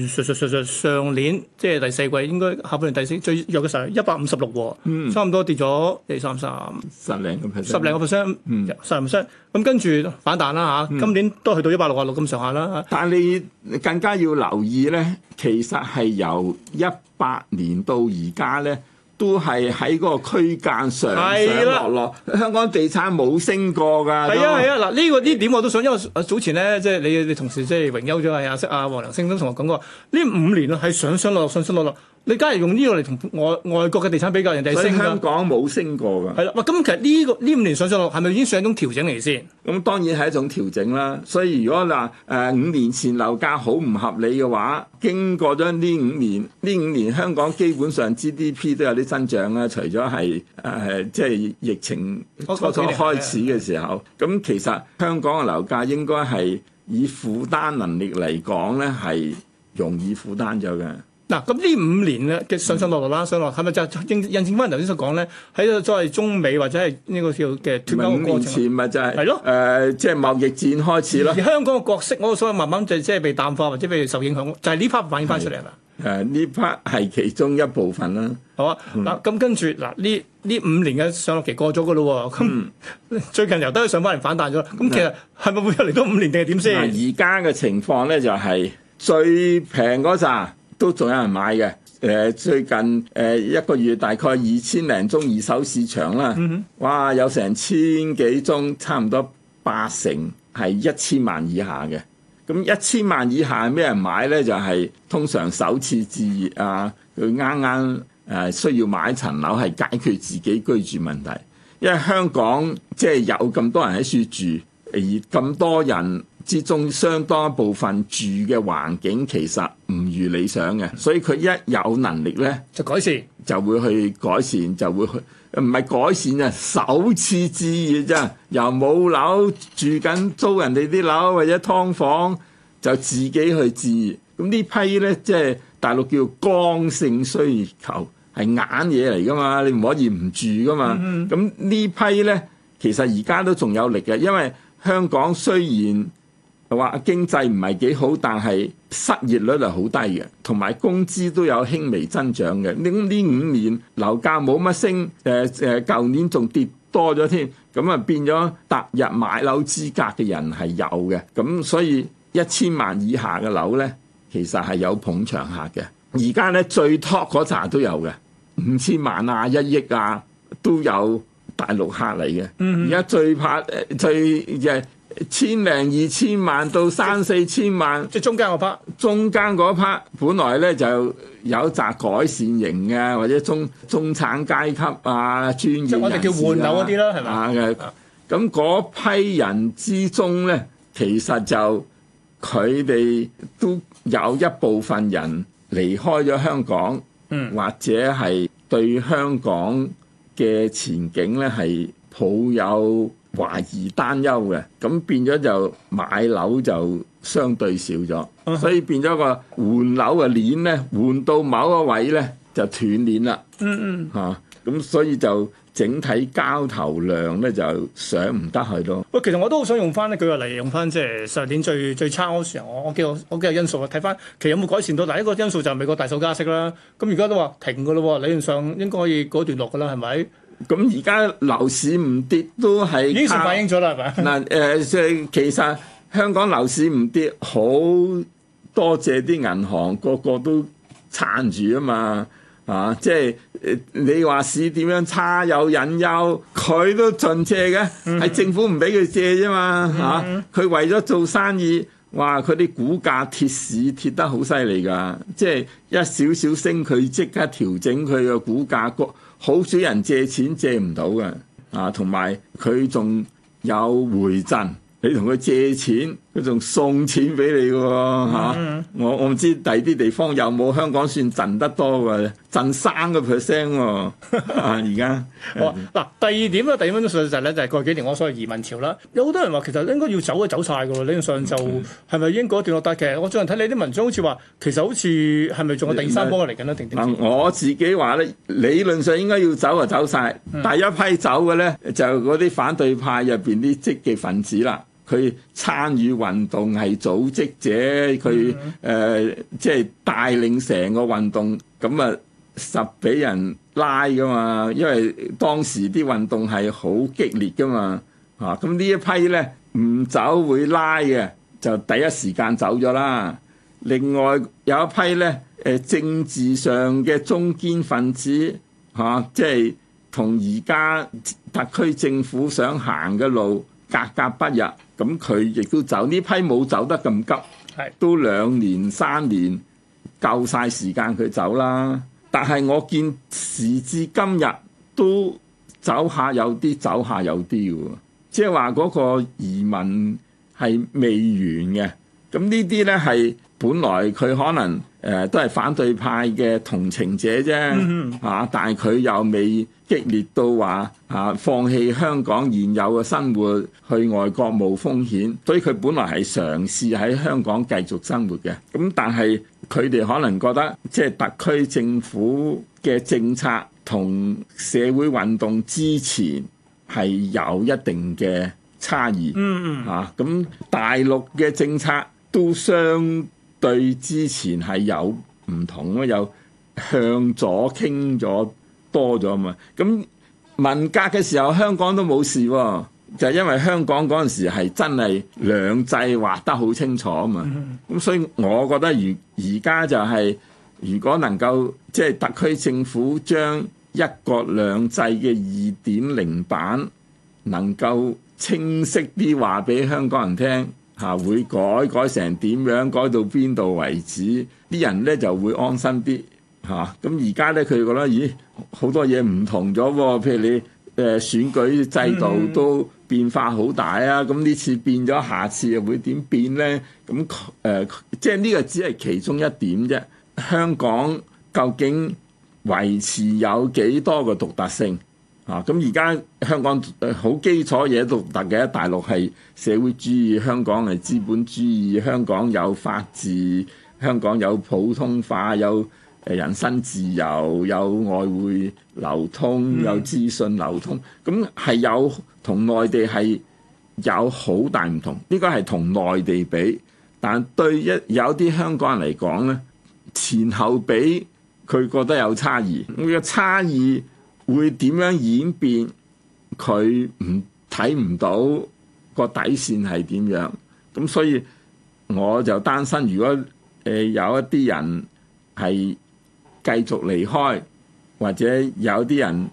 上上上上年，即係第四季，應該下半年第四季，最弱嘅時候，一百五十六。嗯，差唔多跌咗三三十零個 percent，十 percent，咁跟住反彈啦吓，今年都去到一百六啊六咁上下啦。嗯，但係你更加要留意咧，其實係由一八年到而家咧，都係喺嗰個區間上上落落的。香港地產冇升過㗎。係啊係啊，嗱呢個呢點我都想，因為早前咧即係你你同事即係榮休咗係阿色啊黃良星都同我講過，呢五年啊係上上落落上上落落上上落落。你梗係用呢個嚟同外外國嘅地產比較，人哋升，香港冇升過㗎。係啦，咁其實呢、呢個呢五年上上落係咪已經上一種調整嚟先？咁當然係一種調整啦。所以如果嗱、呃、五年前樓價好唔合理嘅話，經過咗呢五年，呢五年香港基本上 GDP 都有啲增長啦。除咗係即係疫情初初開始嘅時候，咁 Okay. 其實香港嘅樓價應該係以負擔能力嚟講咧，係容易負擔咗嘅。嗱，咁呢、啊、五年咧嘅上上落落啦，上落係咪就係印、嗯、印證翻頭先所講咧？喺作為中美或者係呢個叫嘅脫鈎過程。五年前咪就係、係、係咯，呃、即係貿易戰開始咯。而香港嘅角色，我所以慢慢就即係被淡化，或者被受影響，就係呢 part 反映翻出嚟啦。誒，呢 part 係其中一部分啦，好啊。嗱、嗯，咁、啊、跟住嗱，呢、啊、呢五年嘅上落期過咗嘅咯喎，咁、啊嗯、最近由得上翻嚟反彈咗，咁、啊嗯、其實係咪會有嚟到五年定係點先？而家嘅情況咧，就係最平嗰陣。都仲有人買嘅，誒，最近誒一個月大概二千零宗二手市場啦，嗯、哼哇有成千幾宗，差唔多八成係一千萬以下嘅。咁一千萬以下咩人買的呢？就係、是、通常首次置業啊，佢啱啱誒需要買層樓係解決自己居住問題，因為香港即係有咁多人喺處住，而咁多人。之中相當一部分住嘅環境其實唔如理想嘅，所以佢一有能力咧就改善，就會去改善，就會去唔係改善啊，首次置業啫，由冇樓住緊租人哋啲樓或者劏房，就自己去置業。咁呢批咧即係大陸叫做剛性需求係硬嘢嚟㗎嘛，你唔可以唔住㗎嘛。咁、嗯、哼呢批咧其實而家都仲有力嘅，因為香港雖然話經濟唔係幾好，但係失業率係好低嘅，同埋工資都有輕微增長嘅。咁呢五年樓價冇乜升，誒誒，舊年仲跌多咗添，咁啊變咗踏入買樓資格嘅人係有嘅。咁所以一千萬以下嘅樓咧，其實係有捧場客嘅。而家咧最 top 嗰扎都有嘅，五千萬啊、一億啊都有大陸客嚟嘅。而家、嗯嗯、最怕誒，最誒。千零二千萬到三四千萬，即係中間嗰 part。中間嗰 part 本來咧就有集改善型嘅，或者中中產階級啊，專業就、啊、我哋叫換樓嗰啲啦，係嘛？啊嘅，咁嗰批人之中咧，其實就佢哋都有一部分人離開咗香港，嗯、或者係對香港嘅前景咧係抱有。懷疑擔憂嘅，咁變咗就買樓就相對少咗，嗯、所以變咗個換樓嘅鏈咧，換到某個位咧就斷鏈啦。嗯嗯，咁、啊、所以就整體交投量咧就上唔得去咯。喂，其實我都好想用翻呢句話嚟用翻即係上年最最差嗰時，我我幾個我幾個因素啊，睇翻其實有冇改善到。第一個因素就係美國大手加息啦，咁而家都話停㗎咯，理論上應該可以告一段落㗎啦，係咪？咁而家樓市唔跌都係，已經反映咗啦。係咪？嗱誒，即係其實香港樓市唔跌，好多謝啲銀行個個都撐住啊嘛。啊，即係你話市點樣差有隱憂，佢都盡借嘅，係 政府唔俾佢借啫嘛。嚇、啊，佢為咗做生意，哇！佢啲股價貼市貼得好犀利㗎，即係一少少升，佢即刻調整佢嘅股價好少人借錢借唔到㗎，啊，同埋佢仲有回贈，你同佢借錢。佢仲送錢俾你嘅、啊、喎、啊嗯、我我唔知第二啲地方有冇，香港算振得多嘅，振三個 percent 喎。而、啊、家，嗱第二點咧，第二分鐘事實咧就係、就是、過幾年我所謂移民潮啦。有好多人話其實應該要走就走晒嘅喎，理論上就係咪已經過一段落，但係我最近睇你啲文章好似話，其實好似係咪仲有第三波嚟緊咧？定定、嗯、我自己話咧，理論上應該要走就走晒。嗯、第一批走嘅咧就嗰、是、啲反對派入邊啲積極分子啦。佢參與運動係組織者，佢誒即係帶領成個運動，咁啊實俾人拉㗎嘛，因為當時啲運動係好激烈㗎嘛，嚇咁呢一批咧唔走會拉嘅，就第一時間走咗啦。另外有一批咧誒政治上嘅中堅分子，嚇即係同而家特區政府想行嘅路格格不入。咁佢亦都走，呢批冇走得咁急，都兩年三年夠晒時間佢走啦。但係我見時至今日都走下有啲，走下有啲喎，即係話嗰個移民係未完嘅。咁呢啲咧係。本來佢可能誒、呃、都係反對派嘅同情者啫，嚇、啊！但係佢又未激烈到話嚇、啊、放棄香港現有嘅生活去外國冒風險，所以佢本來係嘗試喺香港繼續生活嘅。咁但係佢哋可能覺得，即、就、係、是、特區政府嘅政策同社會運動之前係有一定嘅差異，嚇、啊！咁大陸嘅政策都相對之前係有唔同咯，有向左傾咗多咗嘛。咁文革嘅時候，香港都冇事，就因為香港嗰陣時係真係兩制劃得好清楚啊嘛。咁所以我覺得而而家就係、是、如果能夠即係特區政府將一國兩制嘅二點零版能夠清晰啲話俾香港人聽。嚇、啊、會改改成點樣？改到邊度為止？啲人咧就會安心啲嚇。咁而家咧佢覺得咦，好多嘢唔同咗喎。譬如你誒、呃、選舉制度都變化好大，嗯、啊。咁呢次變咗，下次又會點變咧？咁誒、呃，即係呢個只係其中一點啫。香港究竟維持有幾多個獨特性？啊，咁而家香港好基礎嘢都獨特嘅，大陸係社會主義，香港係資本主義，香港有法治，香港有普通法，有誒人身自由，有外匯流通，有資訊流通，咁係、嗯、有同內地係有好大唔同。呢個係同內地比，但對一有啲香港人嚟講呢，前後比佢覺得有差異，那個差異。會點樣演變？佢唔睇唔到個底線係點樣？咁所以我就擔心，如果誒、呃、有一啲人係繼續離開，或者有啲人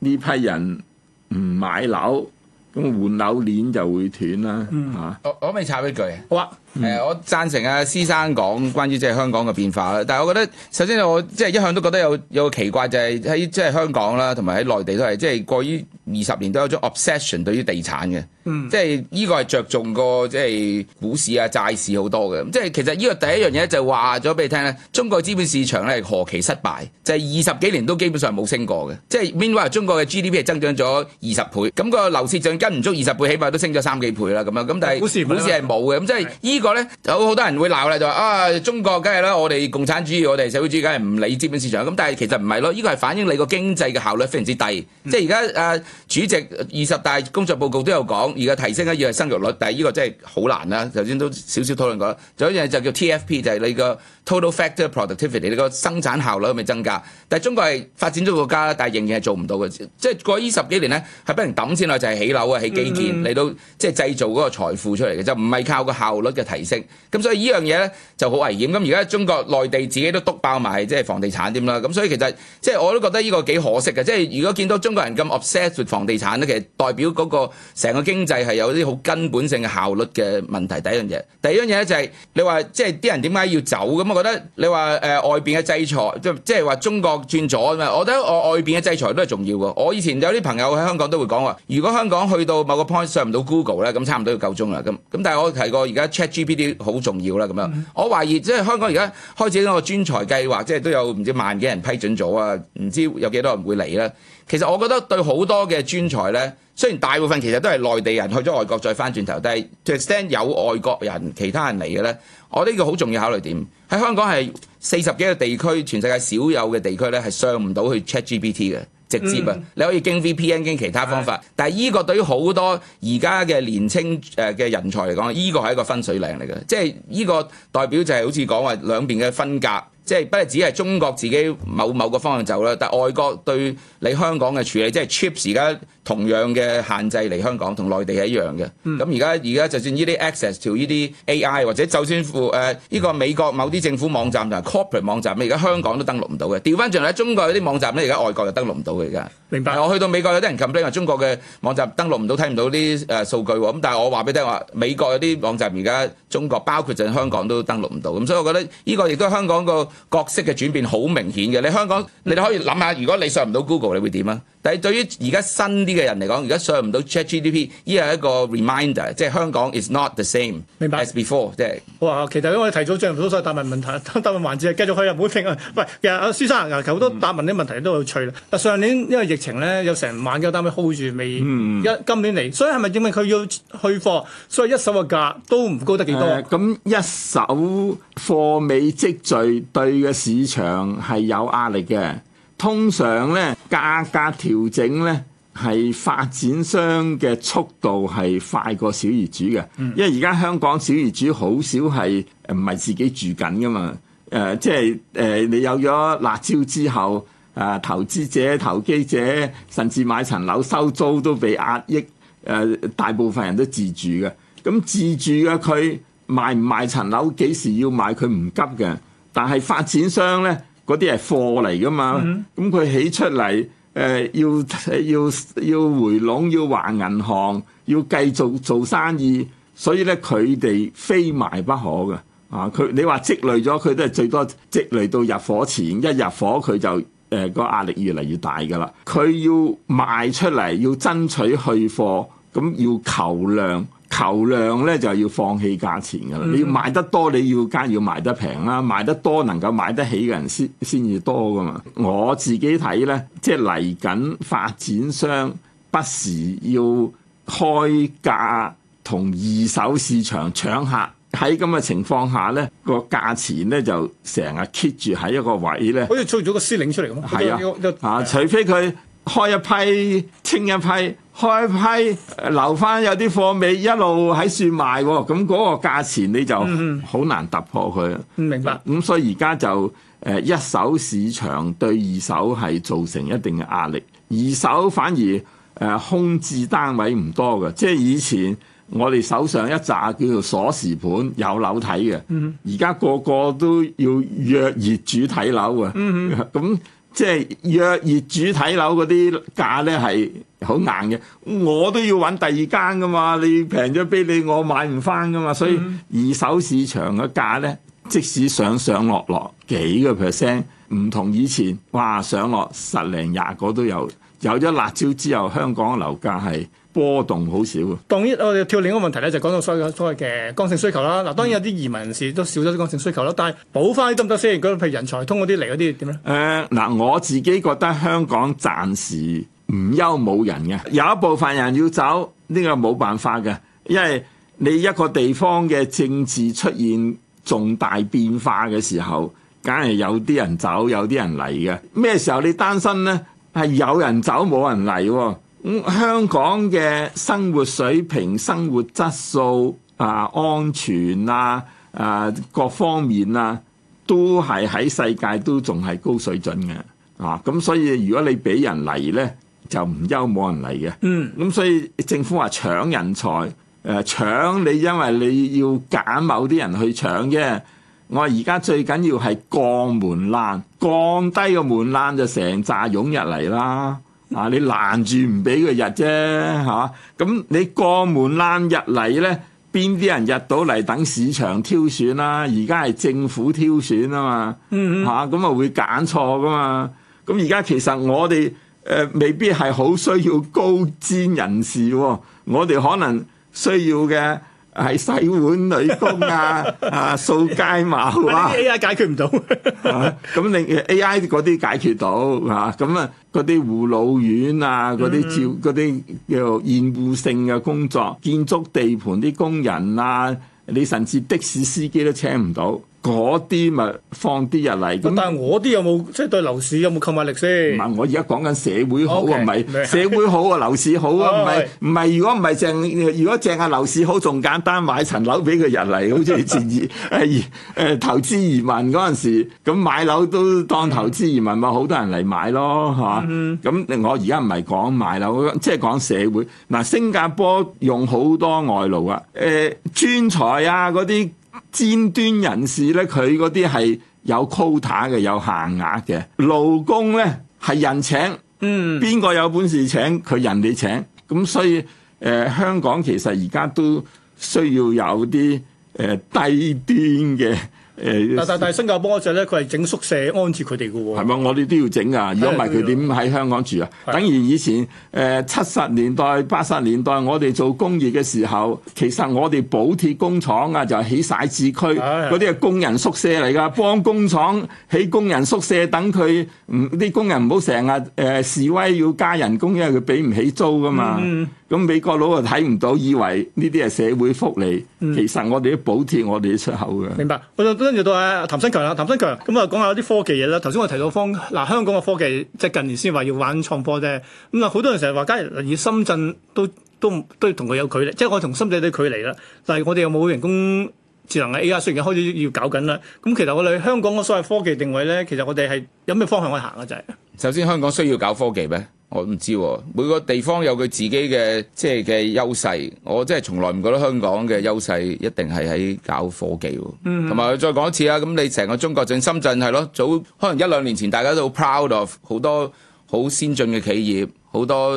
呢批人唔買樓，咁換樓鏈就會斷啦嚇、嗯啊。我我咪插一句好啊。誒，嗯嗯、我贊成啊，施生講關於即係香港嘅變化啦。但係我覺得，首先我即係一向都覺得有有個奇怪就係喺即係香港啦，同埋喺內地都係，即係過於二十年都有種 obsession 對於地產嘅，即係呢個係着重過即係股市啊、債市好多嘅。即係其實呢個第一樣嘢就話咗俾你聽咧，嗯、中國資本市場咧何其失敗，就係二十幾年都基本上冇升過嘅。即係 meanwhile，中國嘅 GDP 係增長咗二十倍，咁個樓市仲跟唔足二十倍，起碼都升咗三幾倍啦。咁樣咁但係股市股市係冇嘅，咁即呢個咧有好多人會鬧啦，就話啊中國梗係啦，我哋共產主義，我哋社會主義梗係唔理資本市場咁。但係其實唔係咯，呢個係反映你個經濟嘅效率非常之低。嗯、即係而家啊主席二十大工作報告都有講，而家提升嘅要係生育率，但係呢個真係好難啦。頭先都少少討論過，有一樣就叫 TFP，就係你個 total factor productivity，你個生產效率係咪增加？但係中國係發展咗國家，但係仍然係做唔到嘅。即係過呢十幾年呢，係不停揼先咯，就係、是、起樓啊，起基建嚟、嗯嗯、到即係製造嗰個財富出嚟嘅，就唔係靠個效率嘅。提升咁所以呢樣嘢呢，就好危險。咁而家中國內地自己都篤爆埋，即係房地產點啦。咁所以其實即係我都覺得呢個幾可惜嘅。即係如果見到中國人咁 obsessed 房地產呢，其實代表嗰個成個經濟係有啲好根本性嘅效率嘅問題。第一樣嘢，第二樣嘢呢，就係你話即係啲人點解要走咁？我覺得你話誒外邊嘅制裁即係即係話中國轉咗啊嘛。我覺得我外邊嘅制裁都係重要㗎。我以前有啲朋友喺香港都會講話，如果香港去到某個 point 上唔到 Google 呢，咁差唔多要夠鐘啦。咁咁，但係我提過而家 GPT 好重要啦，咁樣我懷疑即係香港而家開始嗰個專才計劃，即係都有唔知萬幾人批准咗啊？唔知有幾多人會嚟咧？其實我覺得對好多嘅專才咧，雖然大部分其實都係內地人去咗外國再翻轉頭，但係 to extend 有外國人其他人嚟嘅咧，我呢個好重要考慮點喺香港係四十幾個地區，全世界少有嘅地區咧係上唔到去 ChatGPT 嘅。直接啊！嗯、你可以經 VPN 經其他方法，是的，但係呢個對於好多而家嘅年青誒嘅人才嚟講，呢、呢個係一個分水嶺嚟嘅，即係呢個代表就係好似講話兩邊嘅分隔，即、就、係、是、不只係中國自己某某個方向走啦，但係外國對你香港嘅處理，即、就、係、是、chip 而家。同樣嘅限制嚟香港同內地係一樣嘅。咁而家而家就算呢啲 access 到呢啲 AI 或者就算附誒呢個美國某啲政府網站同 Corporate、嗯、網站，而家香港都登錄唔到嘅。調翻轉嚟，中國有啲網站咧，而家外國又登錄唔到嘅。而家明白。我去到美國有啲人 comment 中國嘅網站登錄唔到，睇唔到啲誒數據。咁但係我話俾你聽，話美國有啲網站而家中國包括就係香港都登錄唔到。咁所以我覺得呢個亦都香港個角色嘅轉變好明顯嘅。你香港，你可以諗下，如果你上唔到 Google，你會點啊？但係對於而家新啲嘅人嚟講，而家上唔到 ChatGDP，依係一個 reminder，即係香港 is not the same as before 明白。即係哇其實我哋提早準唔到所有答問問題，答問環節繼續去日本聽啊。喂，其實先生嗱，好多答問啲問題都有趣啦。上、嗯、年因為疫情咧，有成萬嘅單位 hold 住未？嗯，一今年嚟，所以係咪因為佢要去貨？所以一手嘅價都唔高得幾多？咁、呃、一手貨未積聚，對嘅市場係有壓力嘅。通常咧，價格調整咧係發展商嘅速度係快過小業主嘅，因為而家香港小業主好少係唔係自己住緊㗎嘛。誒、呃，即係、呃、你有咗辣椒之後，誒、呃、投資者、投機者，甚至買層樓收租都被壓抑，誒、呃、大部分人都自住嘅。咁自住嘅佢賣唔賣層樓？幾時要買？佢唔急嘅。但係發展商咧。嗰啲係貨嚟噶嘛。咁佢起出嚟，呃，要要要回籠，要還銀行，要繼續做生意，所以咧佢哋非賣不可嘅。啊，佢你話積累咗，佢都係最多積累到入火前，一入火佢就誒個、呃、壓力越嚟越大㗎啦。佢要賣出嚟，要爭取去貨，咁要求量。求量咧就要放棄價錢噶啦，你要賣得多，你要加要賣得平啦，賣得多能夠買得起嘅人先先至多噶嘛。我自己睇咧，即係嚟緊發展商不時要開價同二手市場搶客，喺咁嘅情況下咧，個價錢咧就成日 keep 住喺一個位咧，好似出咗個司令出嚟咁。係啊，啊，是啊除非佢開一批清一批。開批留翻有啲貨尾一路喺處賣喎，咁嗰個價錢你就好難突破佢。嗯嗯。明白。咁所以而家就誒一手市場對二手係造成一定嘅壓力，二手反而誒空置單位唔多嘅，即係以前我哋手上一紮叫做鎖匙盤有樓睇嘅，而家、嗯嗯、個個都要約業主睇樓啊，咁、嗯嗯。即係約業主睇樓嗰啲價咧係好硬嘅，我都要揾第二間㗎嘛，你平咗俾你，我買唔返㗎嘛，所以二手市場嘅價咧，即使上上落落幾個 percent，唔同以前，嘩，上落十零廿個都有，有咗辣招之後，香港樓價係，波動好少啊！當然，我哋跳另一個問題咧，就講到所謂、所謂嘅剛性需求啦。嗱，當然有啲移民人士都少咗啲剛性需求啦，但係補翻得唔得先？譬如人才通嗰啲，通過啲嚟嗰啲點咧？誒嗱、呃，我自己覺得香港暫時唔憂冇人嘅。有一部分人要走，呢、呢個冇辦法嘅，因為你一個地方嘅政治出現重大變化嘅時候，梗係有啲人走，有啲人嚟嘅。咩時候你擔心咧？係有人走冇人嚟喎。咁香港嘅生活水平、生活質素啊、安全啊、啊各方面啊，都係喺世界都仲係高水準嘅啊！咁所以如果你俾人嚟呢，就唔憂冇人嚟嘅。嗯，咁所以政府話搶人才，誒、啊、搶你，因為你要揀某啲人去搶啫。我而家最緊要係降門檻，降低個門檻就成紮湧入嚟啦。嗱、啊，你攔住唔俾佢入啫，咁、啊、你過門攔入嚟咧，邊啲人入到嚟等市場挑選啦、啊？而家係政府挑選啊嘛，咁啊會揀錯㗎嘛、啊？咁而家其實我哋、呃、未必係好需要高尖人士、啊，我哋可能需要嘅。係洗碗女工啊， 啊，掃街嘛，A I 解決唔到，咁令 A I 嗰啲解決到嚇，咁啊嗰啲護老院啊，啲照嗰啲叫厭惡性嘅工作，嗯、建築地盤啲工人啊，你甚至的士司機都請唔到。嗰啲咪放啲入嚟咁，但係我啲有冇即係對樓市有冇購買力先？唔係，我而家講緊社會好啊，唔係社會好啊，樓市好啊，唔係唔係，如果唔係淨，如果淨係樓市好，仲簡單買層樓俾佢入嚟，好似以前係誒投資移民嗰陣時，咁買樓都當投資移民，咪好 多人嚟買咯，係嘛？ 咁我而家唔係講買樓，即係講社會。嗱，新加坡用好多外勞、呃、啊，誒專才啊嗰啲。尖端人士咧，佢嗰啲係有 quota 嘅，有限額嘅。勞工咧係人請，嗯，邊個有本事請佢人哋請。咁所以誒、呃，香港其實而家都需要有啲誒、呃、低端嘅。嗱、欸、但但新加坡就咧、是，佢係整宿舍安置佢哋噶喎。係咪？我哋都要整啊，如果唔係佢點喺香港住啊？等於以前誒七十年代、八十年代我哋做工業嘅時候，其實我哋補貼工廠啊，就係起晒徙置區嗰啲係工人宿舍嚟㗎，的幫工廠起工人宿舍，等佢唔啲工人唔好成日誒示威要加人工，因為佢俾唔起租㗎嘛。嗯咁美國佬啊睇唔到，以為呢啲係社會福利，其實我哋都補貼我哋嘅出口嘅、嗯。明白，我就跟住到啊譚新強啦，譚新強咁啊講下啲科技嘢啦。頭先我提到方嗱香港嘅科技，即係近年先話要玩創科啫。咁啊好多人成日話，假如以深圳都都都同佢有距離，即係我同深圳都有距離啦。但係我哋有冇人工智能嘅 AI？雖然開始要搞緊啦。咁其實我哋香港嘅所謂科技定位咧，其實我哋係有咩方向可以行嘅就係。首先，香港需要搞科技咩？我唔知喎、啊，每個地方有佢自己嘅即係嘅優勢。我真係從來唔覺得香港嘅優勢一定係喺搞科技、啊。嗯、mm，同、hmm. 埋再講一次啊，咁你成個中國，正深圳係咯，早可能一兩年前，大家都好 proud of 好多好先進嘅企業，好多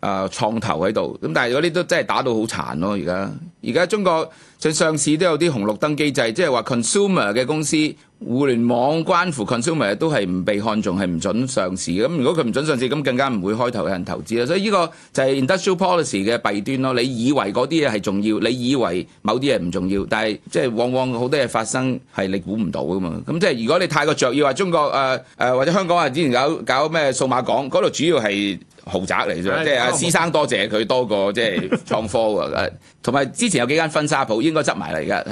啊、呃、創投喺度。咁但係嗰啲都真係打到好殘咯、啊。而家而家中國，正上市都有啲紅綠燈機制，即係話 consumer 嘅公司。互聯網關乎 consumer 都係唔被看中，係唔准上市嘅。咁如果佢唔准上市，咁更加唔會開頭有人投資啦。所以呢個就係 industrial policy 嘅弊端咯。你以為嗰啲嘢係重要，你以為某啲嘢唔重要，但係即係往往好多嘢發生係你估唔到噶嘛。咁即係如果你太過着意話中國誒、呃、或者香港人之前搞搞咩數碼港嗰度主要係豪宅嚟啫，即係師生多謝佢多過即係創科喎。同埋、 啊、之前有幾間婚紗鋪應該執埋嚟，而家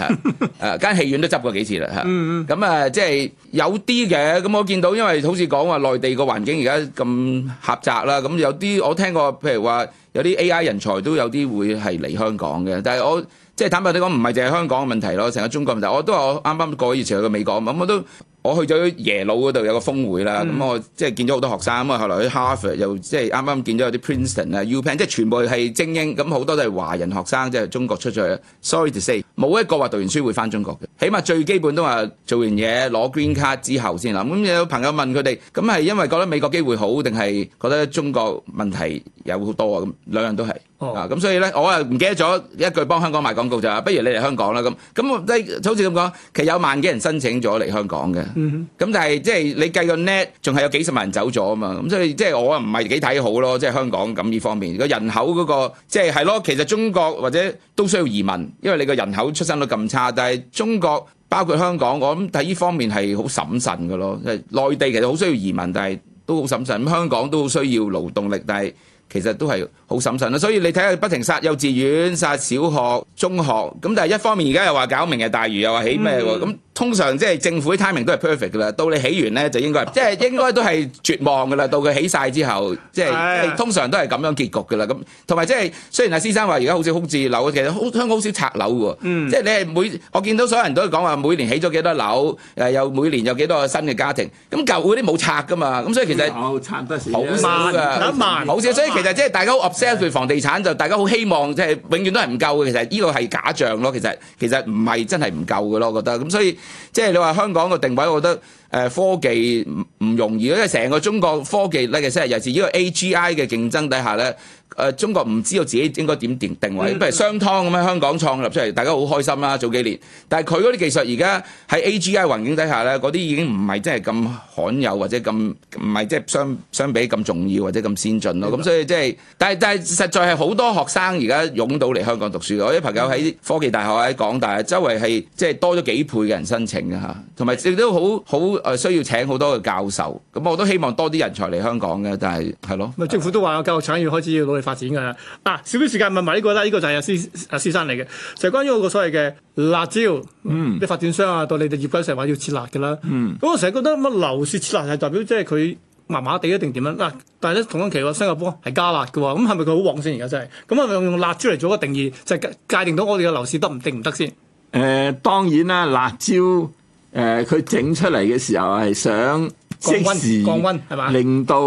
誒間戲院都執過幾次啦。咁、嗯嗯、啊！誒，即係有啲嘅，咁我見到，因為好似講話內地個環境而家咁狹窄啦，咁有啲我聽過，譬如話有啲 AI 人才都有啲會係嚟香港嘅，但係我即係坦白啲講，唔係淨係香港嘅問題咯，成個中國問題，我都我啱啱過咗去美國，咁我都。我去咗耶魯嗰度有個峰會啦，咁我即係見咗好多學生，咁啊後來喺哈佛又即係啱啱見咗有啲 Princeton 啊、UPenn，即係全部係精英，咁好多都係華人學生，即係中國出咗去。Sorry to say，冇一個話讀完書會翻中國嘅，起碼最基本都話做完嘢攞 Green 卡之後先啦，咁有朋友問佢哋，咁係因為覺得美國機會好，定係覺得中國問題有好多啊？咁兩樣都係。啊，咁所以咧，我啊唔記得咗一句幫香港賣廣告就話，不如你嚟香港啦。咁咁，即係好似咁講，其實有萬幾人申請咗嚟香港嘅。咁但係即係你計個 net，仲係有幾十萬人走咗啊嘛。咁所以即係我啊唔係幾睇好咯，即係香港咁呢方面個人口嗰個，即係係咯。其實中國或者都需要移民，因為你個人口出生率咁差。但係中國包括香港，我諗睇呢方面係好審慎嘅咯。內地其實好需要移民，但係都好審慎。咁香港都好需要勞動力，但係。其實都係好審慎啦，所以你睇下不停殺幼稚園、殺小學、中學，咁但係一方面而家又話搞明日大嶼，又話起咩喎。通常即係政府啲 timing 都係 perfect 噶啦，到你起完咧就應該即係應該都係絕望噶啦，到佢起晒之後，即係通常都係咁樣結局噶啦。咁同埋即係雖然阿先生話而家好少空置樓，其實香港好少拆樓嘅喎，即係你係每我見到所有人都係講話每年起咗幾多樓，誒又每年有幾多個新嘅家庭，咁舊嗰啲冇拆噶嘛，咁所以其實好拆得少，好少噶，一萬好少，所以其實即係大家好 obsessed 對房地產，就大家好希望即係永遠都係唔夠嘅。其實依個係假象咯，其實其實唔係真係唔夠嘅咯，我覺得咁所以。即係你話香港個定位，我覺得誒科技唔容易，因為成個中國科技呢，尤其係呢個 AGI 嘅競爭底下咧。誒中國唔知道自己應該點定定位，譬如商湯咁樣香港創立出嚟，大家好開心啦！早幾年，但係佢嗰啲技術而家喺 AGI 環境底下咧，嗰啲已經唔係真係咁罕有或者咁唔係即係相相比咁重要或者咁先進咯。咁所以即係，但係但係實在係好多學生而家湧到嚟香港讀書，我啲朋友喺科技大學、喺港大，周圍係即係多咗幾倍嘅人申請嘅吓，同埋亦都好好需要請好多嘅教授。咁我都希望多啲人才嚟香港嘅，但係係咯。咁政府都話有教育產業開始要發展噶啦，嗱、啊，少啲時間問埋、這、呢個啦，呢、這個就係阿施阿先生嚟嘅，就係、是、關於我個所謂嘅辣椒，嗯，啲發展商啊，到你哋業界成日話要切辣噶啦，嗯，咁我成日覺得乜樓市切辣係代表即係佢麻麻地一定點樣？嗱、啊，但係咧，同期話新加坡係加辣㗎喎，咁係咪佢好旺先、就是？而家真係，咁啊用辣椒嚟做一個定義，就是、界定到我哋嘅樓市得唔定唔得先？誒、呃，當然啦，辣椒誒，佢、呃、整出嚟嘅時候係想降溫降溫係嘛，令到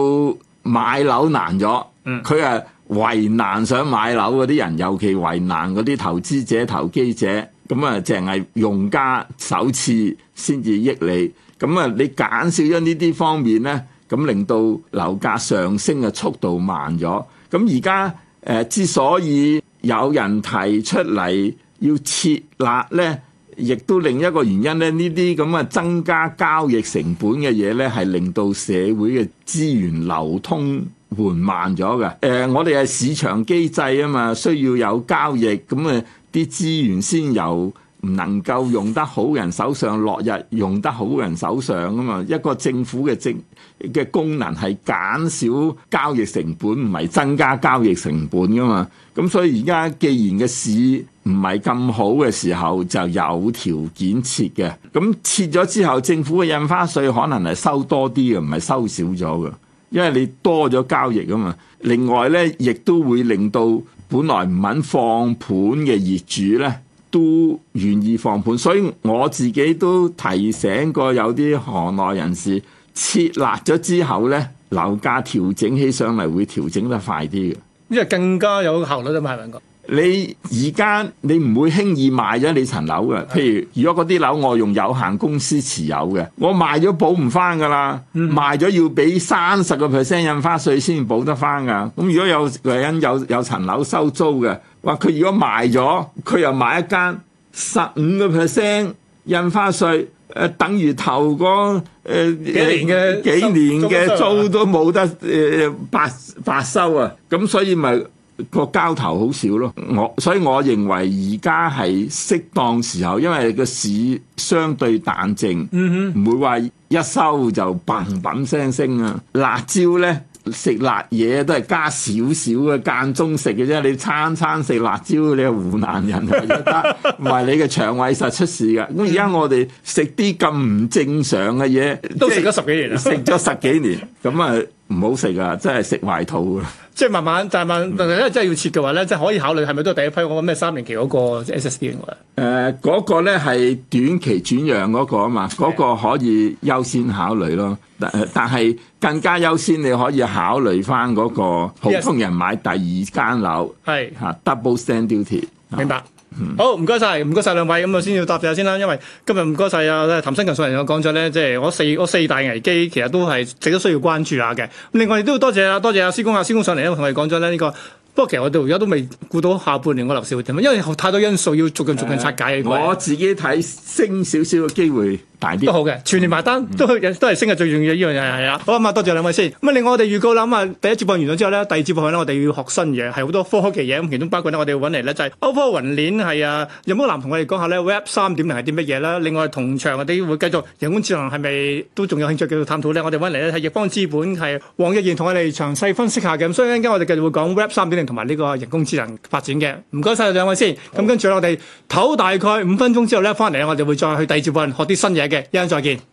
買樓難咗，是嗯，佢啊。為難想買樓嗰啲人，尤其為難嗰啲投資者、投機者，咁啊，淨係用家首次先至益利，咁啊，你減少咗呢啲方面呢，咁令到樓價上升嘅速度慢咗。咁而家之所以有人提出嚟要設立呢，亦都另一個原因呢，呢啲咁啊增加交易成本嘅嘢呢，係令到社會嘅資源流通緩慢咗嘅，誒、呃，我哋係市場機制啊嘛，需要有交易，咁誒啲資源先由唔能夠用得好人手上落入，用得好人手上啊嘛。一個政府嘅政嘅功能係減少交易成本，唔係增加交易成本噶嘛。咁所以而家既然個市唔係咁好嘅時候，就有條件撤嘅。咁撤咗之後，政府嘅印花稅可能係收多啲嘅，唔係收少咗嘅。因為你多咗交易啊嘛，另外咧亦都會令到本來唔肯放盤嘅業主咧都願意放盤，所以我自己都提醒過有啲行內人士，設立咗之後咧樓價調整起上嚟會調整得快啲嘅，因為更加有效率啊嘛，係咪講？你而家你唔會輕易賣咗你層樓嘅，譬如如果嗰啲樓我用有限公司持有嘅，我賣咗補唔翻噶啦，嗯、賣咗要俾三十個 percent 印花稅先補得翻噶。咁如果有個人有有層樓收租嘅，話佢如果賣咗，佢又賣一間十五個 percent 印花稅，呃，等於頭嗰幾、呃、幾年嘅幾年嘅租都冇得誒白白收啊，咁所以咪。個交投好少咯，我所以我認為而家係適當時候，因為個市相對淡靜，唔、嗯、哼會話一收就嘭嘭聲升啊！辣椒咧，食辣嘢都係加少少嘅，間中食嘅啫，你餐餐食辣椒，你係湖南人唔得，唔係 你嘅腸胃實出事噶。咁而家我哋食啲咁唔正常嘅嘢，都食咗啦 食咗十幾年，食咗十幾年，咁啊唔好食啊，真係食壞肚啊！即係慢慢，慢慢，但係萬，如果真係要設嘅話咧，即係可以考慮係咪都係第一批？我講咩三年期嗰個即係 S S D 嚟嘅。嗰、那個咧係短期轉讓嗰個啊嘛，嗰是個可以優先考慮咯。但係更加優先，你可以考慮翻、那、嗰個普是通人買第二間樓，係是 double stamp duty。明白。 好，唔該晒，唔該晒兩位，咁啊先要答謝先啦。因為今日唔該晒啊，譚新強上嚟我講咗咧，即係我四我四大危機，其實都係值得需要關注下嘅。另外亦都要多謝啊，多謝呀，施生啊，施生上嚟咧同我哋講咗咧呢個。不過其實我哋而家都未估到下半年個樓市會點樣，因為太多因素要逐件逐件拆解。呃、以我自己睇升少少嘅機會。都好嘅，全年埋單，都都係升係最重要嘅依樣嘢係啦。嗯嗯、好啊，多謝兩位先。咁啊，另外我哋預告啦，咁啊，第一節課完咗之後咧，第二節課咧，我哋要學新嘢，係好多科學嘅嘢。咁其中包括咧，我哋揾嚟咧就係歐科雲鏈係啊。有冇南同我哋講下咧，Web 三點零係啲乜嘢啦？另外同場我哋會繼續人工智能係咪都仲有興趣繼續探討咧？我哋揾嚟咧係翼方資本係黃日賢同我哋詳細分析下嘅。咁所以陣間我哋繼續會講 Web 三點零同埋呢個人工智能發展嘅。唔該晒，兩位先。咁好跟住咧，我哋唞大概五分鐘之後咧，翻嚟咧我哋會再去第二節課學啲新嘢。一陣再見。